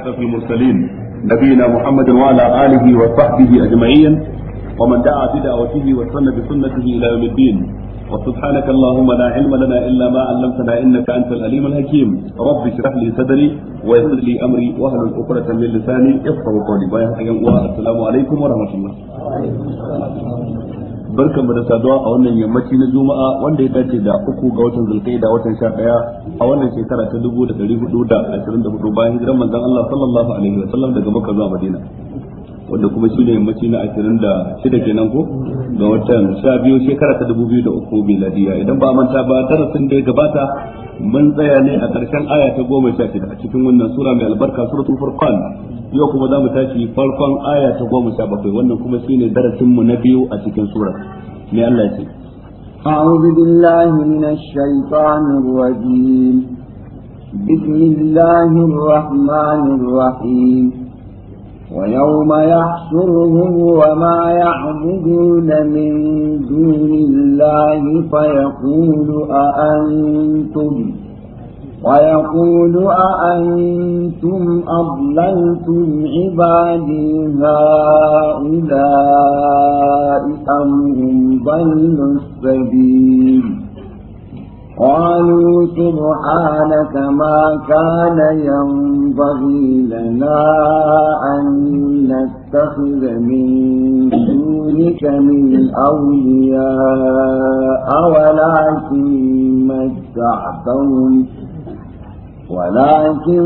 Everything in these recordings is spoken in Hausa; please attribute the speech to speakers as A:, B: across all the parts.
A: أشرف المرسلين نبينا محمد وعلى آله وصحبه أجمعين ومن دعا بدعوته وسن بسنته إلى يوم الدين وسبحانك اللهم لا علم لنا إلا ما علمتنا إنك أنت الأليم الحكيم رب اشرح لي صدري ويسر لي أمري واهل عقدة من لساني يفقهوا قولي السلام عليكم ورحمة الله barkan mu da saduwa a wannan yammaci na juma'a wanda ya dace da uku ga watan zulkaida watan sha daya a wannan shekara ta dubu da dari hudu da ashirin da hudu bayan hijiran manzon Allah sallallahu alaihi Wasallam daga makka zuwa madina wanda kuma shi ne yammaci na ashirin da shida kenan ko ga watan sha biyu shekara ta dubu biyu da uku miladiya idan ba manta ba darasin da ya gabata mun tsaya ne a ƙarshen aya ta goma sha shida a cikin wannan sura mai albarka suratul furqan yau kuma za mu tashi farkon aya ta goma sha bakwai wannan kuma shine darasin mu na biyu a cikin sura mai Allah ya ce أعوذ
B: بالله من الشيطان الرجيم بسم الله الرحمن الرحيم ويوم يحشرهم وما يعبدون من دون الله فيقول أأنتم ويقول أأنتم أضللتم عبادي هؤلاء أم هم ضلوا السبيل قالوا سبحانك ما كان ينبغي لنا أن نتخذ من دونك من أولياء ولكن متعتهم ولكن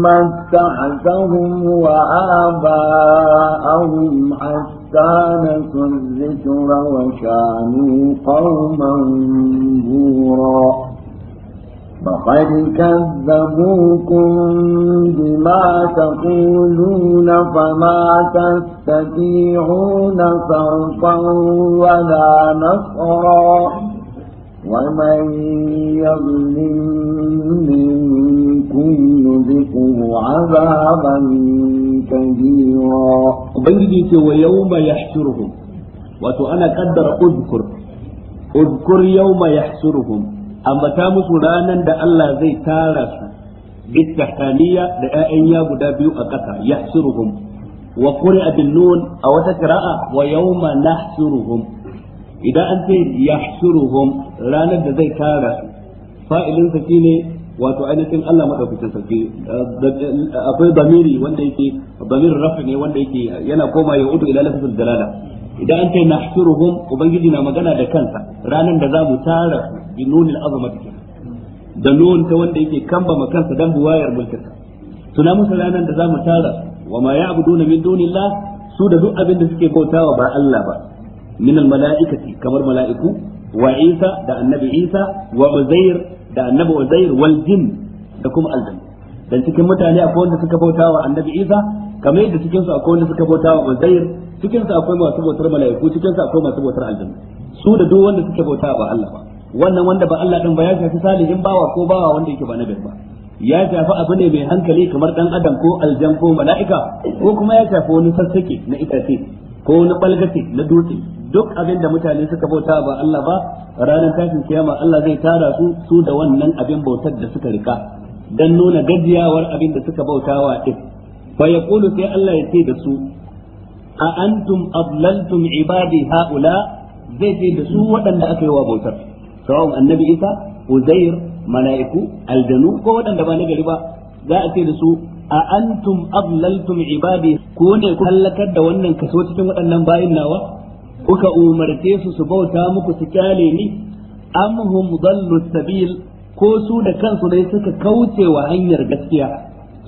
B: متعتهم وآباءهم حتى استانسوا الذكر وكانوا قوما بورا فقد كذبوكم بما تقولون فما تستطيعون صرفا ولا نصرا ومن يظلم منكم نذقه عذابا كبيرا وبنجي
A: ويوم يحشرهم wato ana kaddara uzkur uzkur yawma amma ta musu ranan da Allah zai tara su bitahaniya da ƴaƴan ya guda biyu a ƙasa yahsuruhum wa qur'a bin nun a wata kira'a wa yawma nahsuruhum idan an ce yahsuruhum ranar da zai tara su fa'ilin shine wato ainihin Allah madaukakin sarki eh, akwai zamiri wanda yake zamirin rafi ne wanda yake yana koma ya udu ila lafzul dalala idan an kai nahshuruhum ubangiji na magana da kansa ranan da za mu tara bi nunil azamati da nun ta wanda yake kamba ma kansa dan buwayar mulkinsa tuna musu ranan da za mu tara wa ma ya'buduna min dunillah su da duk abin da suke bautawa ba Allah ba min al mala'ikati kamar mala'iku wa Isa da annabi Isa wa Uzair da annabi uzair wal jin da kuma aljan dan cikin mutane akwai wanda suka bauta wa annabi isa kamar yadda cikin su akwai wanda suka bauta wa uzair cikin su akwai masu bautar mala'iku cikin su akwai masu bautar aljanna su da duk wanda suka bauta ba Allah ba wannan wanda ba Allah din ba ya shafi salihin bawa ko bawa wanda yake ba nabi ba ya shafi abu ne mai hankali kamar dan adam ko aljan ko mala'ika ko kuma ya shafi wani sassake na itace ko wani balgace na dutse duk abin da mutane suka bauta ba Allah ba ranar tashin kiyama Allah zai tara su su da wannan abin bautar da suka rika dan nuna gajiyawar abin da suka wa din fa yaqulu sai Allah ya ce da su a antum adlaltum ibadi haula zai ce da su waɗanda aka yi wa bautar sawa'un annabi Isa Uzair mala'iku aljanu ko waɗanda ba na gari ba za a ce da su a antum adlaltum ibadi ko ne ku halakar da wannan kaso cikin waɗannan bayin nawa kuka umarce su su bauta muku su kyale ni amhum dallu sabil ko su da kansu dai suka kauce wa hanyar gaskiya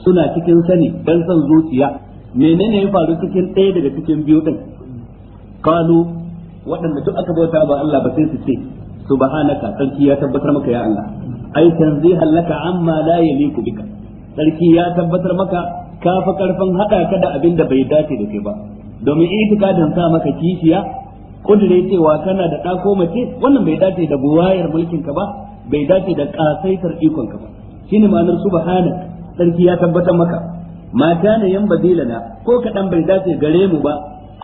A: suna cikin sani dan san zuciya menene ya faru cikin ɗaya daga cikin biyu din qalu waɗanda duk aka bauta ba Allah ba sai su ce subhanaka sarki ya tabbatar maka ya Allah ai tanzihan laka amma la yaliku bika sarki ya tabbatar maka ka fa karfin hada ka da abin da bai dace da kai ba domin itikadin sa maka kishiya kudure cewa kana da ɗako mace wannan bai dace da buwayar mulkin ka ba bai dace da kasaitar ikon ka ba shine ma'anar bahana sarki ya tabbatar maka ma kana yan badilana ko kaɗan bai dace gare mu ba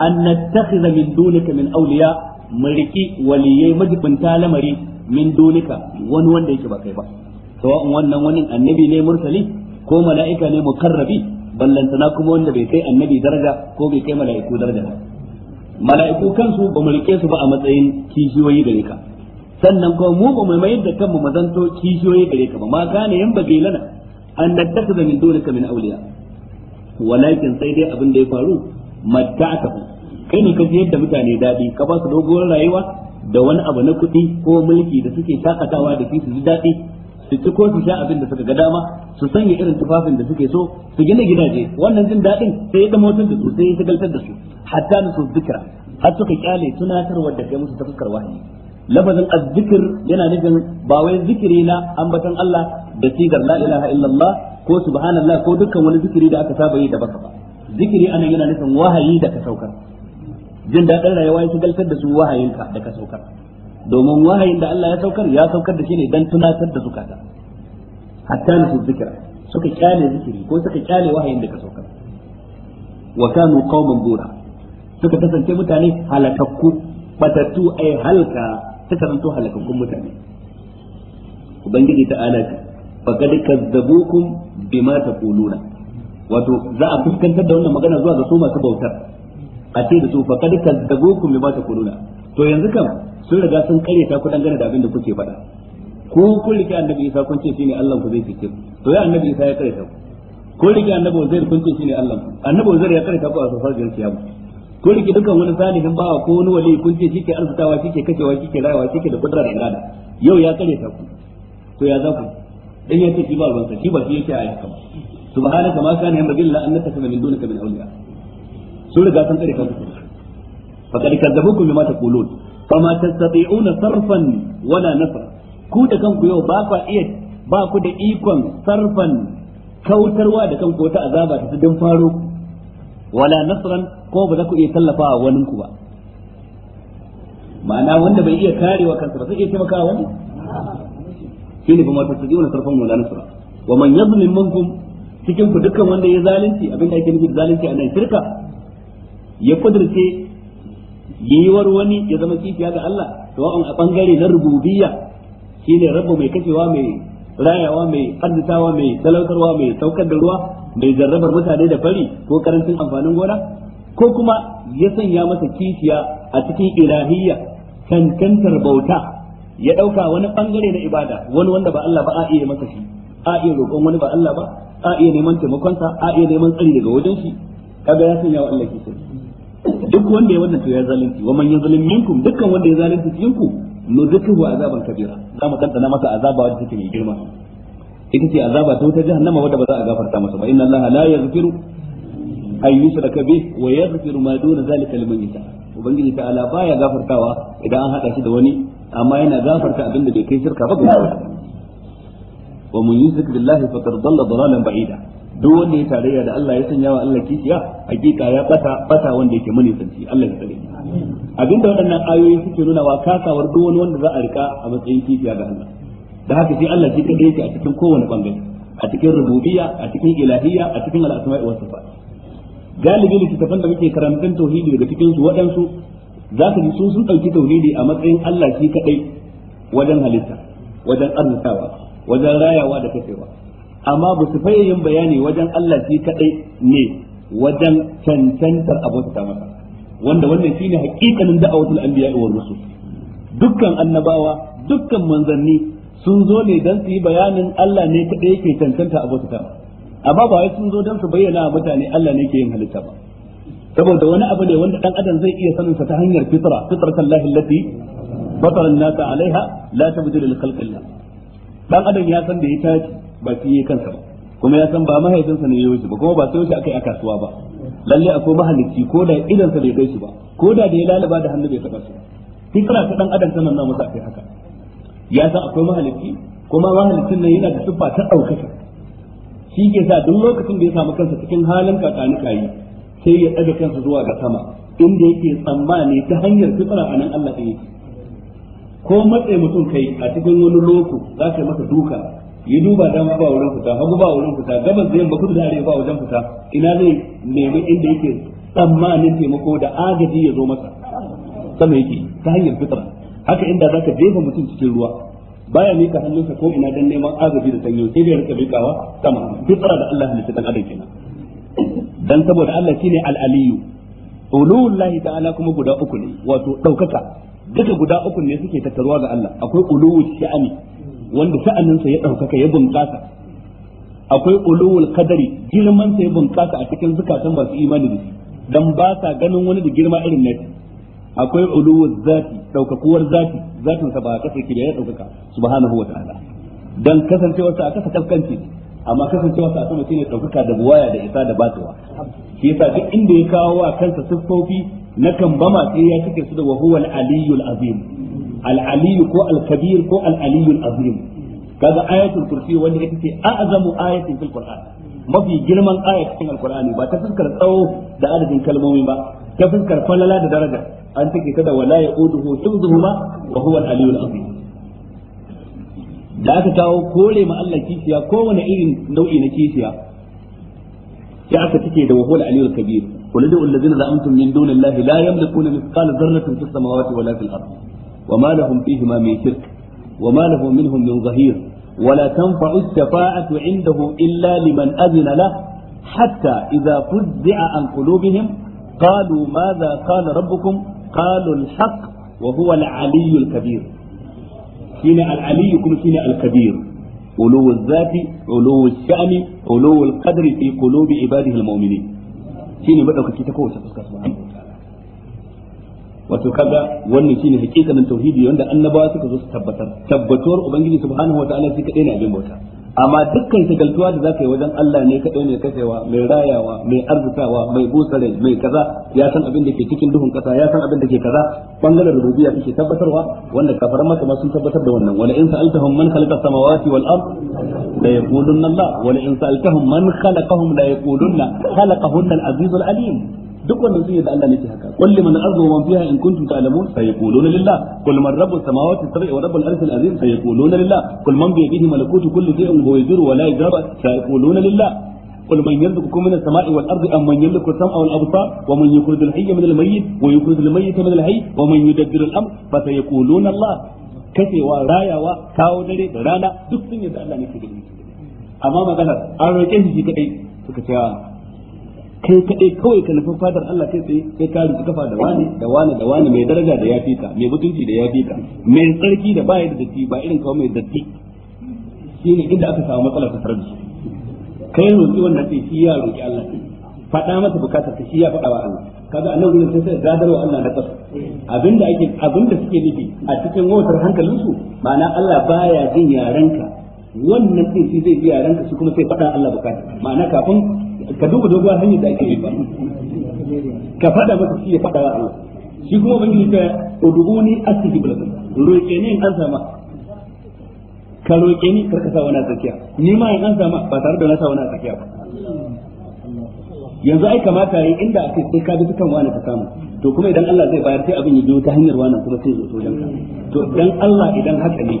A: an nattakhidha min dunika min awliya mariki waliyai majibinta lamari min dunika wani wanda yake ba kai ba sawa'un wannan wani annabi ne mursali ko mala'ika ne mu karrabi, ballantana kuma wanda bai kai annabi daraja ko bai kai mala'iku daraja ba mala'iku kansu ba mu rike su ba a matsayin kishiyoyi gare ka sannan kuma mu ba mu mayar da kanmu mazanto kishiyoyi gare ka ba ma gane yan ba lana an nattaka min ka min auliya walakin sai dai abin da ya faru ka kai ne ka ji yadda mutane dadi ka ba su dogon rayuwa da wani abu na kuɗi ko mulki da suke takatawa da su ji daɗi su ko su sha abin da suka ga dama su sanya irin tufafin da suke so su gina gidaje wannan jin daɗin sai ya damotar da su sai ya shagaltar da su hatta na su zikira har suka kyale tunatarwar da kai musu ta wahayi lafazin azzikir yana nufin ba wai zikiri na ambaton Allah da sigar la ilaha illallah ko subhanallah ko dukkan wani zikiri da aka saba yi da baka ba zikiri anan yana nufin wahayi da ka saukar jin daɗin rayuwa ya shagaltar da su wahayinka da ka saukar domin wahayin da Allah ya saukar ya saukar da shi ne dan tunatar da zukata hatta su zikira suka kyale zikiri ko suka kyale wahayin da ka saukar wa kanu qauman bura suka kasance mutane halakakku batatu ay halka suka zanto halakakkun mutane ubangiji ta alaka kad kazzabukum bima taquluna wato za a fuskantar da wannan magana zuwa ga su masu bautar a ce da su kad kazzabukum bima taquluna to yanzu kam sun riga sun kare ta ku gane da abin da kuke faɗa ko kun rike annabi Isa kun ce shine Allah ku zai fice to ya annabi Isa ya kare ta ku ko rike annabi Uzair kun ce shine Allah annabi Uzair ya kare ta ku a safar da kiyama ko rike dukkan wani salihin bawa ko wani wali kun ce shike arzutawa shike kashewa shike rayuwa shike da kudrar gada yau ya kare ta ku to ya za ku dan ya ce shi ba ruwan shi ba shi yake a yakan subhanaka ma kana yanbaghi lana an nattakhidha min dunika min awliya sun riga sun kare kanku fakad kadzabukum bima taqulun fama tastati'una sarfan wala nafra ku da kanku yau ba ku iya ba ku da ikon sarfan kautarwa da kanku wata azaba ta dan faro wala nasran ko ba za ku iya tallafa wa wani ku ba ma'ana wanda bai iya karewa kansa ba zai iya taimakawa wani shine kuma ta sarfan wala nasra wa man yazlim minkum cikin ku dukkan wanda ya zalunci abin da ake nufi zalunci a nan shirka ya kudurce yiwar wani ya zama kifiya ga Allah sawa'un a bangare na rububiyya shine rabu mai kashewa mai rayawa mai arzitawa mai talautarwa mai saukar da ruwa mai jarrabar mutane da fari ko karancin amfanin gona ko kuma ya sanya masa kifiya a cikin ilahiyya cancantar bauta ya dauka wani bangare na ibada wani wanda ba Allah ba a iya masa shi a iya roƙon wani ba Allah ba a iya neman taimakonsa a iya neman tsari daga wajen shi kaga ya sanya wa Allah kifiya duk wanda ya wannan to ya zalunci wa man yuzlim minkum dukkan wanda ya zalunci cikin ku nuzikuhu azaban kabira za mu tantana masa azaba wanda take mai girma ita ce azaba ta wuta jahannama wadda ba za a gafarta masa ba inna allaha la yaghfiru ay yusraka bih wa yaghfiru ma duna zalika liman yasha ubangiji ala baya gafartawa idan an hada shi da wani amma yana gafarta abin da bai kai shirka ba ba. wa mun yushrik billahi faqad dalla dalalan ba'ida duk wanda ya tarayya da Allah ya sanya wa Allah kishiya hakika ya bata bata wanda yake mani sanci Allah ya tsare abinda waɗannan ayoyi suke nuna wa kasawar duk wani wanda za a rika a matsayin kishiya ga Allah da haka sai Allah shi kadai yake a cikin kowane bangare a cikin rububiyya a cikin ilahiyya a cikin al'asma'i wa sifat galibi littattafan da muke karantun tauhidi daga cikin su waɗansu za ka ji su sun ɗauki tauhidi a matsayin Allah shi kadai wajen halitta wajen arzikawa wajen rayawa da kafewa amma ba su faye yin bayani wajen Allah shi kadai ne wajen cancantar abota masa wanda wannan shine hakikanin da'awatul anbiya wa rusul dukkan annabawa dukkan manzanni sun zo ne dan su yi bayanin Allah ne kadai yake cancanta abota amma ba wai sun zo dan su bayyana mutane Allah ne ke yin halitta ba saboda wani abu ne wanda dan adam zai iya sanin sa ta hanyar fitra fitratan lahi allati fatara an-nasa alaiha la tabdila li khalqillah dan adam ya san da ya tashi ba shi yi kansa ba kuma ya san ba mahaifinsa ne ya yi ba kuma ba sai shi akai a kasuwa ba lalle akwai mahalicci ko da idan sa bai kai shi ba ko da da ya lalaba da hannu bai taba shi fikra ta dan adam sanan na musa kai haka ya san akwai mahalicci kuma mahalicci nan yana da siffa ta daukaka shi ke sa duk lokacin da ya samu kansa cikin halin kakani kayi sai ya daga kansa zuwa ga sama inda yake tsammani ta hanyar fitra anan Allah ɗaya ko matsayi mutum kai a cikin wani loko za ka masa duka yi duba dan ba wurin fita hagu ba wurin fita gabas da yamma kudu dare ba wajen fita ina zai nemi inda yake tsammanin taimako da agaji ya zo masa sama yake ta hanyar fitra haka inda zaka jefa mutum cikin ruwa baya mika hannunsa ko ina dan neman agaji da sanyo sai da rika bikawa sama fitra da Allah halitta dan adam kenan dan saboda Allah shine al-aliyu ulullahi ta'ala kuma guda uku ne wato daukaka duka guda uku ne suke tattaruwa ga Allah akwai uluwu sha'ani wanda sa'aninsa ya ɗaukaka ya bunƙasa akwai ulul kadari girman sa ya bunƙasa a cikin zukatan masu imani da shi dan ba sa ganin wani da girma irin nati akwai ulul zati ɗaukakuwar zati zatin sa ba kasa yake ya ɗaukaka subhanahu wa ta'ala dan kasancewar sa a kasa kaskanci amma kasancewar sa a sama shine ɗaukaka da buwaya da isa da batuwa shi yasa duk inda ya kawo wa kansa siffofi na kambama sai ya cike su da wahuwal aliyul azim al-aliyu ko al-kabir ko al-aliyu al-azim kaga ayatul kursi wanda ita ce a'zamu ayatin fil qur'an mafi girman aya cikin alqur'ani ba ta fuskar tsawo da adadin kalmomi ba ta fuskar falala da daraja an take ta da wala ya'uduhu hifdhuhuma wa huwa al-aliyu al-azim da aka kawo kore ma Allah kishiya kowane irin nau'i na kishiya sai aka take da wahul aliyul kabir qul da allazina za'amtum min dunillahi la yamlikuna mithqala dharratin fis samawati wala fil ardi وما لهم فيهما من شرك وما له منهم من ظهير ولا تنفع الشفاعة عنده إلا لمن أذن له حتى إذا فزع عن قلوبهم قالوا ماذا قال ربكم قالوا الحق وهو العلي الكبير هنا العلي كم هنا الكبير علو الذات علو الشأن علو القدر في قلوب عباده المؤمنين شيني بدأ كتير تكوش سبحانه wato kaga wannan shine hakikanin tauhidi wanda annabawa suka zo su tabbatar tabbatuwar ubangiji subhanahu wataala shi kadai ne abin bauta amma dukkan tagaltuwa da zaka yi wajen Allah ne kadai ne kashewa mai rayawa mai arzikawa mai busare mai kaza ya san abin da ke cikin duhun kasa ya san abin da ke kaza bangaren rububiyya kake tabbatarwa wanda kafaran maka ma sun tabbatar da wannan wala in sa'altahum man khalaqa samawati wal ard la yaqulunna Allah wala in sa'altahum man khalaqahum la yaqulunna khalaqahunna al azizul alim duk wanda zai yi da Allah ne ke haka qul liman ardu man fiha in kuntum ta'lamun sayaquluna lillah qul man rabbus samawati wa rabbul arshil azim sayaquluna lillah qul man bi yadihi malakutu kulli shay'in wa la sayaquluna lillah قل من يرزقكم من السماء والارض ام من يملك السمع والابصار ومن يخرج الحي من الميت ويخرج الميت من الحي ومن يدبر الامر فسيقولون الله dare da rana duk sun maganar suka kai kaɗai kawai ka nufin fadar Allah kai tsaye kai ka rufe kafa da wani da wani da wani mai daraja da yafi ka mai mutunci da yafi ka mai tsarki da ba da datti ba irin kawai mai datti shine inda aka samu matsala ta farji kai roki wannan sai shi ya roki Allah faɗa masa bukatar ka shi ya faɗa wa Allah kaga annan gurin sai sai gadarwa Allah na kasu abinda ake abinda suke nufi a cikin wutar hankalin su ma'ana Allah baya jin yarenka wannan din shi zai ji yaranka su kuma sai faɗa Allah bukatar ma'ana kafin ka duba dogon hanyar da ake ba ka fada masa shi ya fada wa Allah shi kuma ka ta uduguni astajib lakum roƙe ni in an sama ka roƙe ni karka sa wani tsakiya ni ma in an sama ba tare da na sa wani tsakiya ba yanzu ai kamata yi inda ake sai ka bi dukan wani ka samu to kuma idan Allah zai bayar sai abin ya biyo ta hanyar wani kuma sai zo wajen ka to dan Allah idan haka ne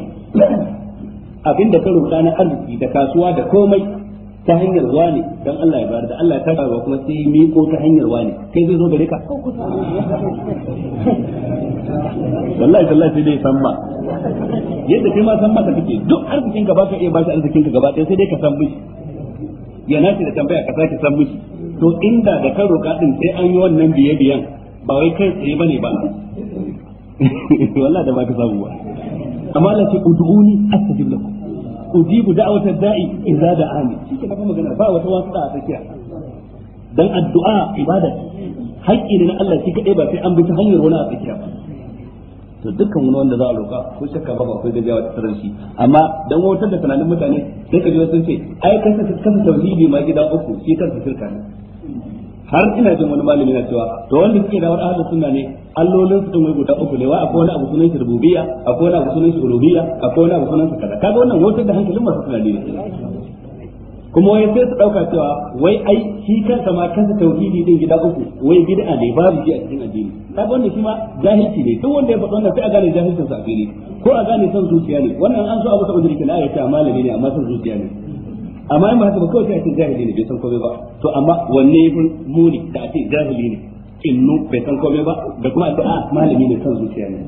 A: abinda ka roƙa na arziki da kasuwa da komai ta hanyar wani don Allah ya bayar da Allah ya ba kuma sai mi ko ta hanyar wani kai zai zo gare ka wallahi wallahi sai dai san ma. yadda kai ma san maka ka kake duk arzikin ka baka iya bashi arzikin ka gaba ɗaya sai dai ka san mishi ya nace da tambaya ka sake san mishi to inda da ka roƙa din sai an yi wannan biye biyan ba wai kai tsaye bane ba wallahi da ba ka samu ba amma Allah ce ud'uni astajib lakum ujibu da'watar da'i in idza da'ani shike na magana ba wata wasu da tsakiya dan addu'a ibada haƙƙi ne na Allah shi kaɗai ba sai an bi ta hanyar wani a tsakiya ba to dukkan wani wanda za a roƙa ko shakka ba ko gajiya ta tarar shi amma dan wautar da tunanin mutane sai ka ji sun ce ai kasa kasa tauhidi ma gida uku shi kansa shirka ne har ina jin wani malami na cewa to wanda suke da wani ahlus sunna ne allolin su sun guda uku ne wa akwai wani abu sunan shi rububiyya akwai wani abu sunan shi uluhiyya akwai wani abu sunan shi kaza kaga wannan wata da hankalin masu tunani ne kuma wai sai su dauka cewa wai ai shi kansa ma kansa tauhidi din gida uku wai bid'a ne babu shi a cikin addini kaga wannan shi ma jahilci ne duk wanda ya faɗi wannan sai a gane jahilcin sa a fili ko a gane son zuciya ne wannan an so abu ta uzuri kana ya ce malami ne amma son zuciya ne amma in ba haka ba kawai sai a ce jahili ne bai san komai ba to amma wanne fi muni da a ce jahili ne innu bai san komai ba da kuma a ce a ah, malami ne kan zuciya ne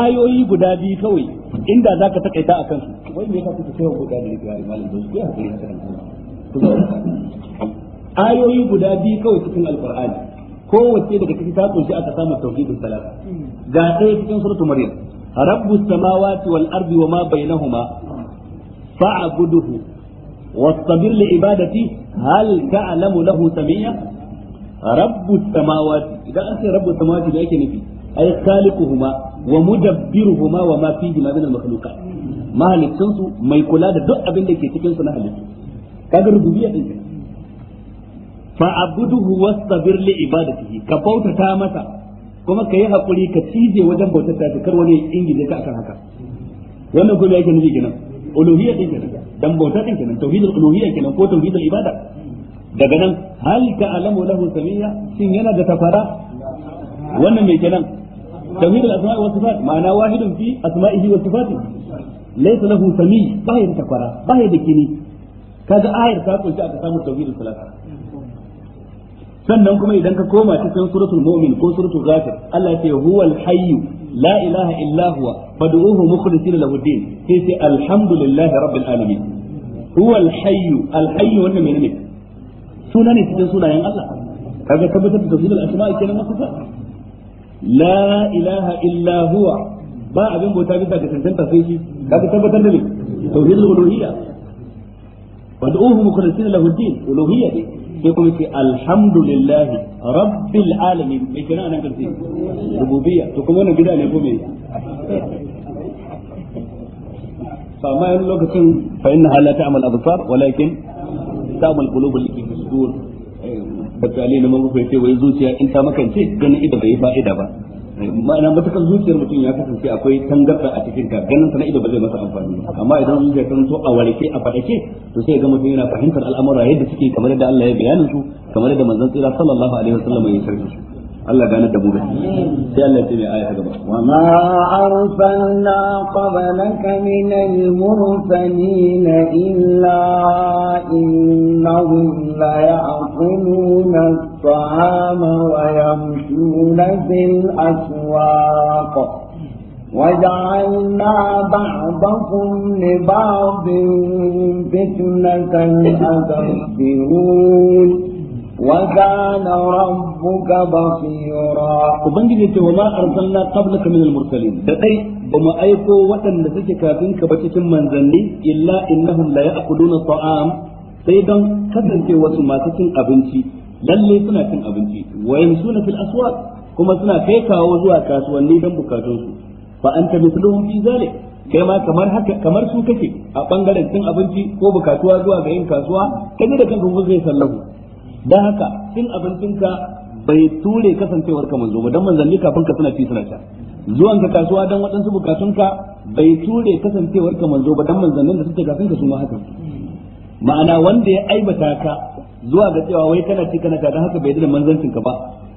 A: ayoyi guda biyu kawai inda za ka takaita a kansu wai me yasa kuka cewa guda biyu ga malam da zuciya hakuri ayoyi guda biyu kawai cikin alqur'ani kowace daga cikin ta kunshi aka samu tauhidul salat ga ɗaya cikin suratul maryam Rabbu samawati wal ardi wa ma bainahuma fa'buduhu wastabir li ibadati hal ta'lamu lahu samiyya Rabbu samawati idan an ce rabbus samawati da yake nufi ay khaliquhuma wa mudabbiruhuma wa ma fihi ma min al makhluqat mahalicin su mai kula da duk abin da ke cikin su na halittu kaga rububiyya din fa abuduhu wastabir li ibadatihi ka bautata masa kuma ka yi hakuri ka cije wajen bautar ta kar wani ingije ka akan haka wannan kuma yake nufi kenan uluhiyya din kenan dan bauta din kenan tauhidul uluhiyya kenan ko tauhidul ibada daga nan hal ka alamu lahu samiyya shin yana da tafara wannan mai kenan tauhidul asma'i was sifat ma'ana wahidun fi asma'ihi was sifatihi laysa lahu samiy ba da tafara ba ya da kini kaga ayar ta kunshi aka samu tauhidul salasa sannan kuma idan ka koma cikin suratul mu'min ko suratul ghafir Allah ce huwal hayyu la ilaha illa huwa fad'uhu mukhlisina lahu din sai sai alhamdulillahi rabbil alamin huwal hayyu al hayyu wannan menene suna ne cikin sunayen Allah kaga tabbatar da tafsirul asma'i kenan mafaka la ilaha illa huwa ba abin bauta bisa ga tantanta sai shi kaga tabbatar da me tauhidul uluhiyya fad'uhu mukhlisina lahu din uluhiyya sai kuma ce alhamdulillahi rabbil alamin mai kira nan karshe rububiyya to kuma wannan gida ne ko fa ma yan lokacin fa inna hala ta'mal absar walakin qulub sai wai zuciya in ta makance ganin ida bai fa'ida ba ma'ana matakan zuciyar mutum ya kasance akwai tangarda a cikin ka ganin sa na ido ba zai masa amfani amma idan zuciya ta so a warke a fadake to sai ga mutum yana fahimtar al'amura yadda suke kamar da Allah ya bayanin su kamar da manzon tsira sallallahu alaihi wasallam ya sharhi su Allah gane da mu gaskiya sai Allah ya mai aya ta gaba wa ma
B: arsalna qablaka min al-mursalin illa innahum la ya'kuluna as-sahama wa yamshuna fil aswaq وجعلنا بعضكم لبعض فتنة
A: أتصبرون وكان ربك بصيرا وبنجي ce وما أرسلنا قبلك من المرسلين دقي بما أيكو وطن لسيك كافين كبتشم من ذنبي إلا إنهم لا يأكلون الطعام sai don kasance wasu masu cin abinci lallai suna cin abinci wayan suna fil kuma suna kai kawo zuwa kasuwanni don bukatunsu fa anta mithluhum fi zalik kai ma kamar haka kamar su a bangaren cin abinci ko bukatuwa zuwa ga yin kasuwa kaje da kanka zai sallahu da haka cin abincinka bai ture kasancewar ka manzo ba dan manzanni kafin ka suna ci suna sha zuwan ka kasuwa dan waɗansu ka bai ture kasancewar ka manzo ba dan manzannin da suke kafin ka su ma haka ma'ana wanda ya aibata ka zuwa ga cewa wai kana ci kana dan haka bai da manzancin ka ba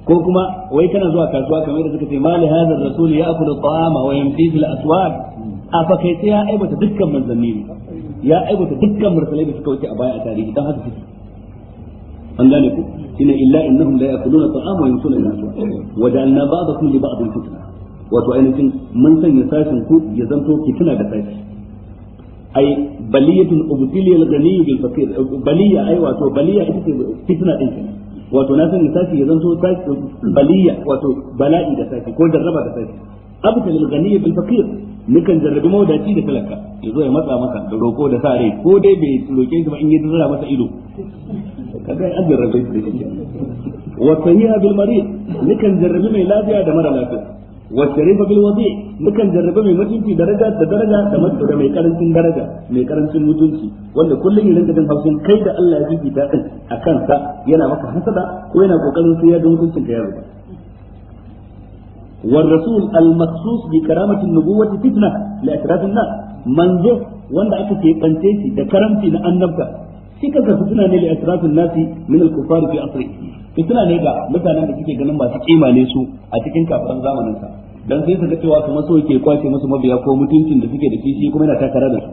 A: ko kuma wai kana zuwa kasuwa kamar da suka ce mali hadar rasul ya akulu ta'ama wa yamshi fil aswaq a fakaice ya aibata dukkan manzanni ya aibata dukkan mursalai da suka wuce a baya a tarihi dan haka suke an gane ku ina illa innahum la ya'kuluna ta'ama wa yamsuna al-aswa wa ja'alna ba'dakum li ba'din fitna wato ainihin mun sanya sashin ku ya zanto fitina da sashi ai baliyatun ubtiliya al-ghani bil faqir baliya ai wato baliya ita ce fitna din wato na sanya sashi ya zanto baliya wato bala'i da sashi ko jarraba da sashi abtal al-ghani bil faqir nukan jarrabi mawdaci da talaka ya zo ya matsa maka da roko da sare ko dai bai roke shi ba in ya dura masa ido kaga an jarrabe shi da shi wa sahiha bil marid nikan jarrabe mai lafiya da mara lafiya wa sharifa bil wadi nikan jarrabe mai mutunci daraja da daraja da mutunci da mai karancin daraja mai karancin mutunci wanda kullum idan kadan hausin kai da Allah ya jiki dadin akan sa yana maka hasada ko yana kokarin sai ya ga mutuncin ka yaro والرسول المخصوص بكرامة النبوة فتنة لأشراف الناس منزه wanda aka ke kance shi da karamci na annabta shi kansa suna ne da asrafin nasi min al kufar fi asri suna ne da mutanen da suke ganin masu kima ne su a cikin kafiran zamanin sa dan sai su ga cewa kuma so ke kwace musu mabiya ko mutuncin da suke da shi shi kuma yana takara da su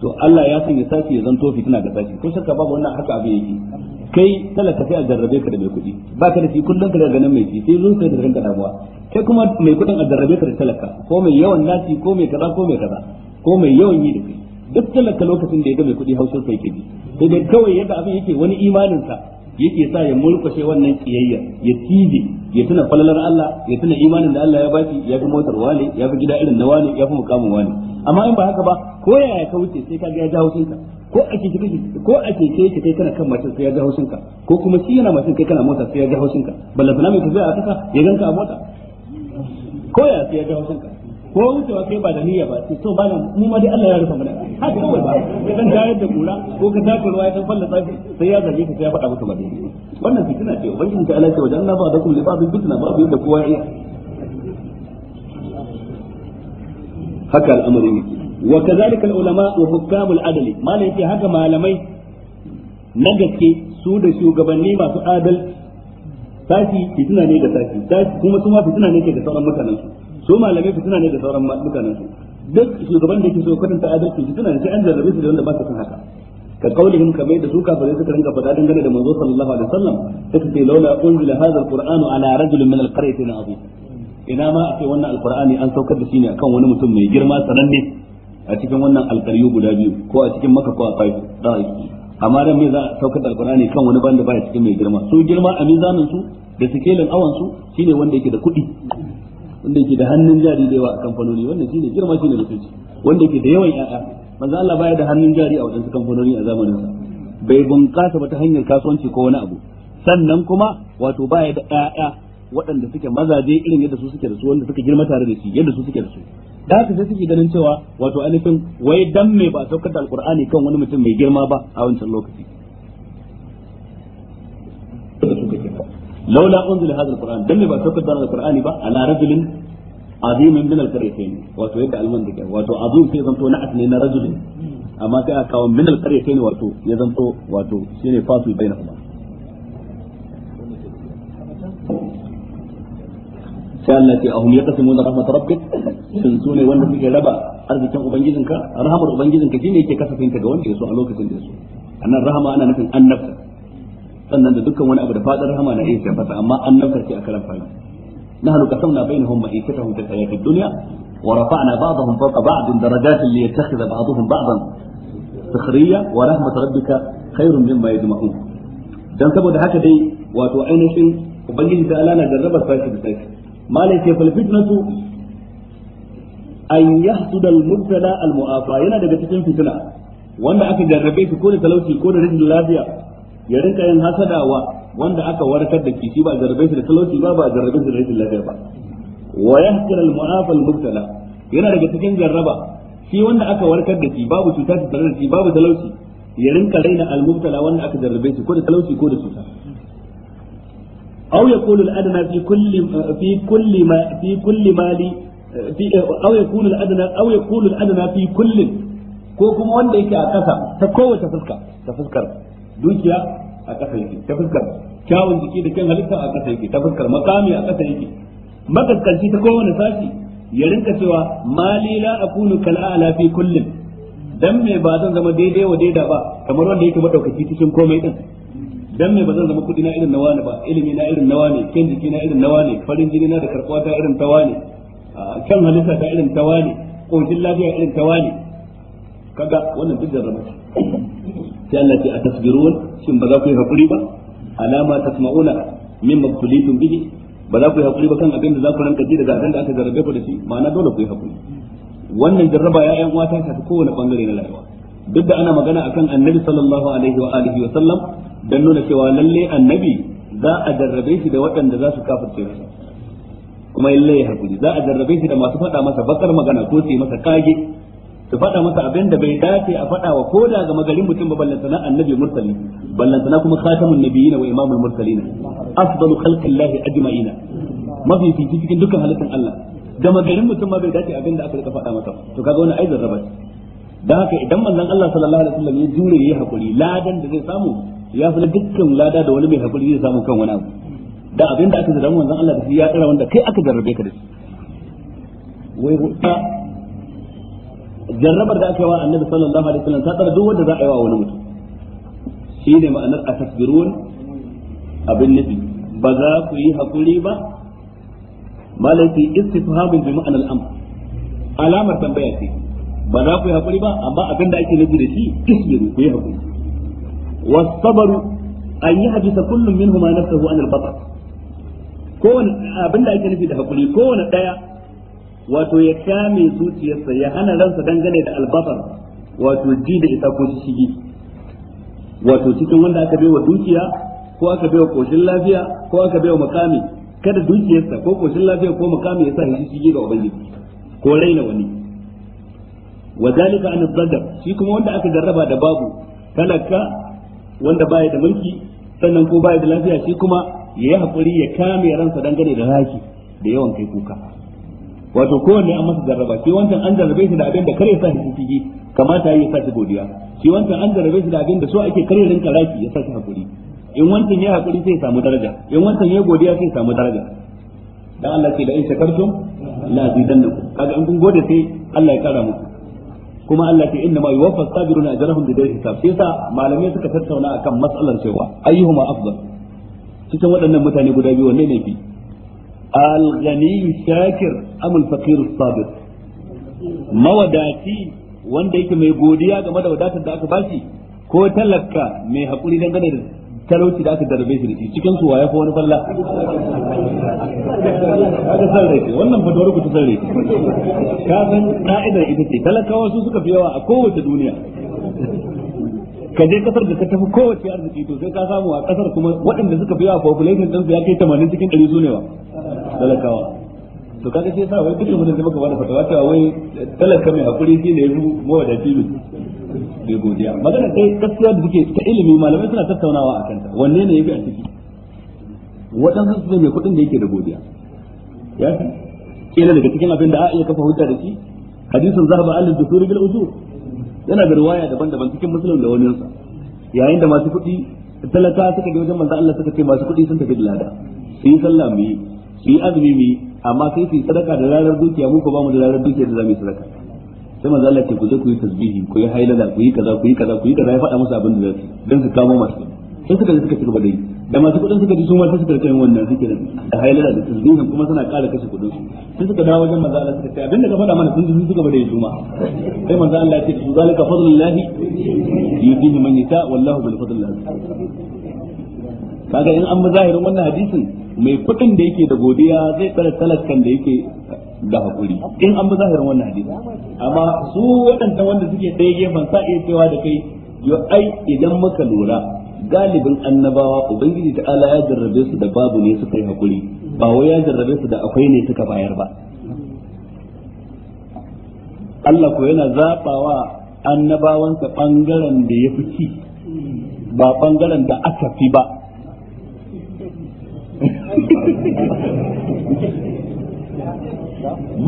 A: to Allah ya sanya sashi ya zanto fitina ga sashi ko shakka babu wannan haka abin yake kai talaka sai a jarrabe ka da mai kuɗi ba ka da shi kullum ka daga nan mai shi sai zo sai da ranka damuwa kai kuma mai kuɗin a jarrabe ka da talaka ko mai yawan nasi ko mai kaza ko mai kaza ko mai yawan yi da kai duk talaka lokacin da ya ga mai kuɗi haushin sai kiji sai dai kawai yadda abin yake wani imaninsa yake sa ya mulkushe wannan kiyayya ya tije ya tuna falalar Allah ya tuna imanin da Allah ya baki ya fi motar wale ya fi gida irin na wale ya fi mukamin wale. amma in ba haka ba ko yaya ka wuce sai ka ga ya ja haushinka ko a kike ko a kike kai kana kan mace sai ya ja haushinka ko kuma shi yana mace kai kana mota sai ya ja haushinka balla sana mai tafiya a kasa ya ganka a mota ko ya sai ya ja haushinka ko wucewa kai ba da niyya ba sai to malam mu ma dai Allah ya rufa mana haka kawai ba ya dan tayar da kura ko ka taka ruwa ya dan falla shi sai ya zage ka sai ya faɗa maka ba daidai wannan fitina ce ubangiji ta Allah ce wajen Allah ba da kullu ba fitna ba da kowa ya haka al'amari ne wa kadhalika ulama wa hukamul ma malam yake haka malamai na gaske su da shugabanni masu adal tashi fitina ne ga tashi kuma su ma fitina ne ke ga sauran mutanen su su malamai fitina ne da sauran mutanen su duk shugaban da yake so ta adalci suna ne sai an jarrabe su da wanda ba su kan haka ka kaulihim kamar da su kafirai suka rinka fada dangane da manzo sallallahu alaihi wasallam suka ce laula unzila hadha alqur'anu ala rajulin min alqaryatin azim ina ma ake wannan alqur'ani an saukar da shi ne akan wani mutum mai girma sananne a cikin wannan alqaryu guda biyu ko a cikin maka ko a kai dai amma dan me za a saukar da alqur'ani kan wani banda ba cikin mai girma su girma a mizanin su da sikelin awan su shine wanda yake da kuɗi wanda yake da hannun jari da yawa a kamfanoni wannan shine girma shine kai wanda yake da yawan ƴaƴa manzo Allah baya da hannun jari a wajen kamfanoni a zamanin sa bai bunƙasa ba ta hanyar kasuwanci ko wani abu sannan kuma wato baya da ƴaƴa waɗanda suke mazaje irin yadda su suke da su wanda suka girma tare da shi yadda su suke da su da haka sai suke ganin cewa wato alifin wai dan me ba a saukar da alqur'ani kan wani mutum mai girma ba a wancan lokaci laula unzila hadha alquran dan me ba saukar da alqurani ba ala rajulin azimin min alqaryatayn wato yadda alman min alqaryatayn wato ya wato shine fasul bainahuma sai Allah ce ahum yaqsimun rahmat rabbik sun su ne wanda suke raba arzikin ubangijinka rahamar ubangijinka shine yake kasafin ka ga wanda a lokacin da yaso ana nufin annabta sannan da dukkan wani abu da fadar rahama na iya shafata amma an nauka ce a karan fari nahnu qasamna bainahum ma'ishatahum fil hayatid dunya wa rafa'na ba'dahum fawqa ba'din darajatin liyattakhidha ba'dahum ba'dan sukhriya wa rahmat rabbika khairun mimma yajma'un dan saboda haka dai wato ainihin ubangiji ta alana jarrabar sashi da sashi malai ce fal fitnatu an yahsuda al mubtala al mu'afa yana daga cikin fitna wanda aka jarrabe shi ko da talauci ko da rashin lafiya ya rinka yin hasada wa wanda aka warkar da kishi ba jarrabe shi da talauci ba ba jarrabe shi da rashin lafiya ba wa yahkir al mu'afal mubtala yana daga cikin jarraba shi wanda aka warkar da shi babu cuta ta tare da shi babu talauci ya rinka raina al mubtala wanda aka jarrabe shi ko da talauci ko da cuta aw yaqulu al adna fi kulli fi kulli ma fi kulli mali fi aw yaqulu al adna aw yaqulu al adna fi kulli ko kuma wanda yake a kasa ta kowace fuska ta fuskar dukiya a ƙasa yake ta fuskar kyawun jiki da kyan halitta a ƙasa yake ta fuskar makami a ƙasa yake makaskanci ta kowane sashi ya rinka cewa mali la akunu kal a'la fi kullin dan me ba zan zama daidai wa daida ba kamar wanda yake madaukaki cikin komai din dan me ba zan zama kudi na irin nawa ne ba ilimi na irin nawa ne kyan jiki na irin nawa ne farin jini na da karɓuwa ta irin tawa ne kyan halitta ta irin tawa ne ƙoshin lafiya irin tawa ne kaga wannan duk jarraba sai Allah ce a tasbirun shin ba za ku yi hakuri ba alama tasma'una mimma tulitum bihi ba za ku yi hakuri ba kan abin da za ku ranka ji daga abin da aka zarrabe ku da shi ma'ana dole ku yi hakuri wannan jarraba ya ƴan uwa ta shafi kowane bangare na rayuwa duk da ana magana akan annabi sallallahu alaihi wa alihi wa sallam dan nuna cewa lalle annabi za a jarrabe shi da waɗanda za su kafirce shi kuma lalle ya hakuri za a jarrabe shi da masu faɗa masa bakar magana ko su masa kage su faɗa masa abin da bai dace a faɗa wa koda ga magarin mutum ba sana annabi mursali sana kuma khatamun nabiyina wa imamul mursalin afdalu khalqillahi ajma'ina mafi fifi cikin dukkan halittun Allah ga magarin mutum ma bai dace abin da aka rika faɗa masa to kaga wannan aizar rabat dan haka idan manzon Allah sallallahu alaihi wasallam ya jure yayi hakuri ladan da zai samu ya fi dukkan lada da wani mai hakuri zai samu kan wani abu da abin da aka zargi manzon Allah da shi ya tsara wanda kai aka jarrabe ka da shi wai jarrabar da aka yi wa annabi sallallahu alaihi wasallam ta tsara duk wanda za a yi wa wani mutum shi ne ma'anar a tasbirun abin nufi ba za ku yi hakuri ba malaki istifhamin bi ma'anar amr alamar tambaya ce ba za ku yi hakuri ba amma abin da ake nufi da shi isbiru ku yi hakuri wasabaru an yi hadisa kullum min huma nafsahu anil batar kowane abin da ake nufi da hakuri kowane ɗaya. wato ya kame zuciyarsa ya hana ransa dangane da albabar wato ji da ita ko shigi wato cikin wanda aka wa dukiya ko aka wa koshin lafiya ko aka wa makami kada dukiyarsa ko koshin lafiya ko makami ya sa shi shigi ga ubangiji ko raina wani wa zalika an zadar shi kuma wanda aka jarraba da babu talaka wanda baya da mulki sannan ko baya da lafiya shi kuma ya yi hakuri ya kame ransa dangane da raki da yawan kai kuka wato kowanne an masa jarraba shi wancan an jarrabe shi da abin da kare sa shi ciki kamata ya sa shi godiya shi wancan an jarrabe shi da abin da so ake kare rinka raki ya sa shi hakuri in wancan ya hakuri sai ya samu daraja in wancan ya godiya sai ya samu daraja dan Allah ce da in shakartum la zidannakum kaga in kun gode sai Allah ya kara muku kuma Allah ce inna ma yuwaffas sabiruna ajrahum bi ghairi hisab sai sa malamai suka tattauna akan matsalar cewa ayyuhuma afdal cikin waɗannan mutane guda biyu wanne ne fi al-ghani shakir am al-faqir sabir mawadaci wanda yake mai godiya game da wadatar da aka bashi ko talaka mai hakuri dangane da talauci da aka darbe shi da shi cikin su waye ko wani balla aka san rai wannan fatawar ku ta san ka san ka'idar ita ce talakawa su suka fi yawa a kowace duniya ka je kasar da ka tafi kowace arziki to sai ka samu a kasar kuma waɗanda suka fi yawa population din su ya kai tamanin cikin ɗari su ne wa talakawa to kaga sai sa wai dukkan mutum da muka bada fatawa cewa wai talaka mai hakuri shi ne ya fi da ne bai godiya magana kai gaskiya da suke ta ilimi malamai suna tattaunawa a kanta wanne ne ya fi a ciki waɗansu su ne mai kuɗin da yake da godiya ya fi kila daga cikin abin da a iya kafa hujja da shi hadisin zahaba alil dusuri bil usul yana da ruwaya daban-daban cikin musulun da wani yansa yayin da masu kuɗi talaka suka je wajen manzo Allah suka ce masu kuɗi sun tafi da lada su yi sallah mu yi su yi azumi mu yi amma sai su yi sadaka da ranar dukiya mu ko ba mu da ranar dukiya da za mu yi sadaka sai manzo Allah ce ku je ku yi tasbihi ku yi hailala ku yi kaza ku yi kaza ku yi kaza ya faɗa musu abin da zai dan su kamo masu sai suka je suka ci gaba da yi da masu kuɗin suka ji su ma suka rika wannan suke nan da hailala da tasbihin kuma suna ƙara kashe kuɗin su sai suka dawo wajen manzo Allah suka ce abinda ka faɗa mana sun ji suka bada juma sai manzo Allah ya ce su zalika fadlullahi yudihi man yasha wallahu bil fadlillah kaga in an bi zahirin wannan hadisin mai kuɗin da yake da godiya zai tsara talakan da yake da hakuri in an bi zahirin wannan hadisi amma su waɗanda wanda suke ɗaya gefen sa iya cewa da kai yo ai idan muka lura galibin annabawa ubangiji ta ala ya jarrabe su da babu ne suka yi hakuri ba wai ya jarrabe su da akwai ne suka bayar ba Allah ko yana zabawa annabawansa bangaren da ya fi ci ba bangaren da aka fi ba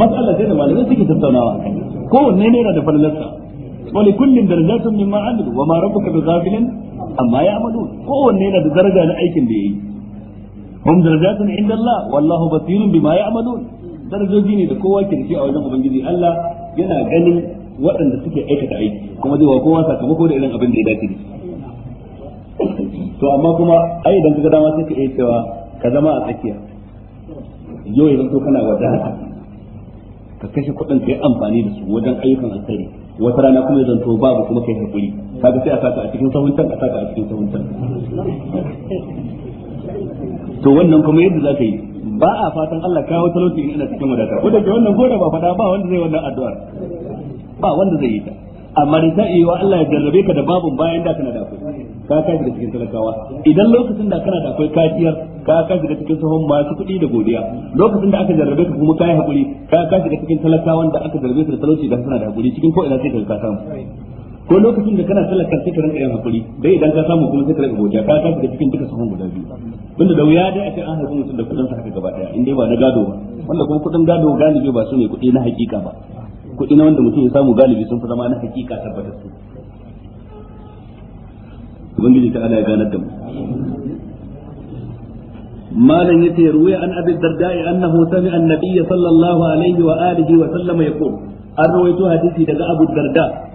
C: matsala sai da malamai suke tattaunawa
A: kowanne ne yana da falalarsa wani kullum darajatun mimma amilu wa ma rabbuka bi ghafilin amma ya amadu kowanne yana da daraja na aikin da yayi hum darajatun inda Allah wallahu basirun bima ya'malun darajoji ne da kowa ke da shi a wajen ubangiji Allah yana ganin waɗanda suke aikata aiki kuma zai wa kowa sakamako da irin abin da ya dace da to amma kuma ai idan kaga dama sai ka iya cewa ka zama a tsakiya yau idan to kana wadata ka kashe kuɗin ka yi amfani da su wajen ayyukan alkhairi wata rana kuma ya zanto babu kuma kai hakuri kaga sai a saka a cikin sahun can a saka a cikin sahun can to wannan kuma yadda za ka yi ba a fatan Allah kawo talauci in ina cikin wadata ko da ke wannan ko da ba faɗa ba wanda zai wannan addu'ar ba wanda zai yi ta amma da ta wa Allah ya jarrabe ka da babun bayan da kana da akwai ka ka shiga cikin talakawa idan lokacin da kana da akwai kaciyar ka ka shiga cikin sahon masu kuɗi da godiya lokacin da aka jarrabe ka kuma ka yi haƙuri ka ka shiga cikin talakawan da aka jarrabe ka da talauci da kana da haƙuri cikin ko ina sai ka samu ko lokacin da kana sallar sai ka rinka yin hakuri dai idan ka samu kuma sai ka rinka godiya ka tafi da cikin duka sahun guda biyu tunda da wuya dai a ce an haifi mutum da kudin sa haka gaba daya in dai ba na gado ba wanda kuma kudin gado galibi ba su ne kudi na hakika ba kudi na wanda mutum ya samu galibi sun fi zama na hakika tabbatar su ubangiji ta ala ya ganar da mu malam yace ruwaya an abi darda'i annahu sami annabi sallallahu alaihi wa alihi wa sallama yaqul an rawaito hadisi daga abu darda'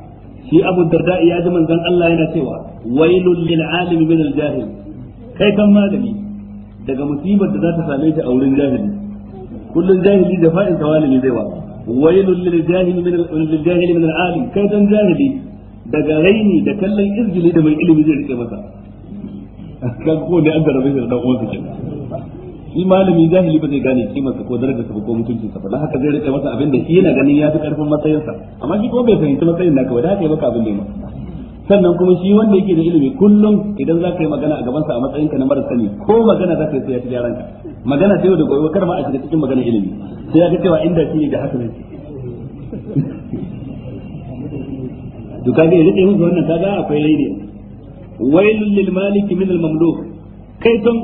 A: shi abu darda ya ji manzon Allah yana cewa wailul lil alimi min al jahil kai kan malami daga musibar da za ta same shi a wurin jahili kullun jahili da fa'in tawalimi zai wa wailul lil jahil min al jahil min al alim kai kan jahili daga raini da kallon izgili da mai ilimi zai rike
C: masa
A: kan ko ne an da rabe da dan uwansa kenan shi malami jahili ba zai gane kimar sa ko darajar sa ko mutuncin sa ba dan haka zai rike masa abin da shi yana ganin ya fi karfin matsayin sa amma shi kuma bai fahimci matsayin naka ba da haka ya baka abin da ya sannan kuma shi wanda yake da ilimi kullum idan za ka yi magana a gaban sa a matsayinka na mara sani ko magana za ka yi sai ya fi gyaran ka magana sai da gobe kar ma a shiga cikin magana ilimi sai ya ga cewa inda shi ne da haka ne
C: to kaga ya rike
A: musu wannan kaga akwai raini wailul lil maliki min al mamluk kai tun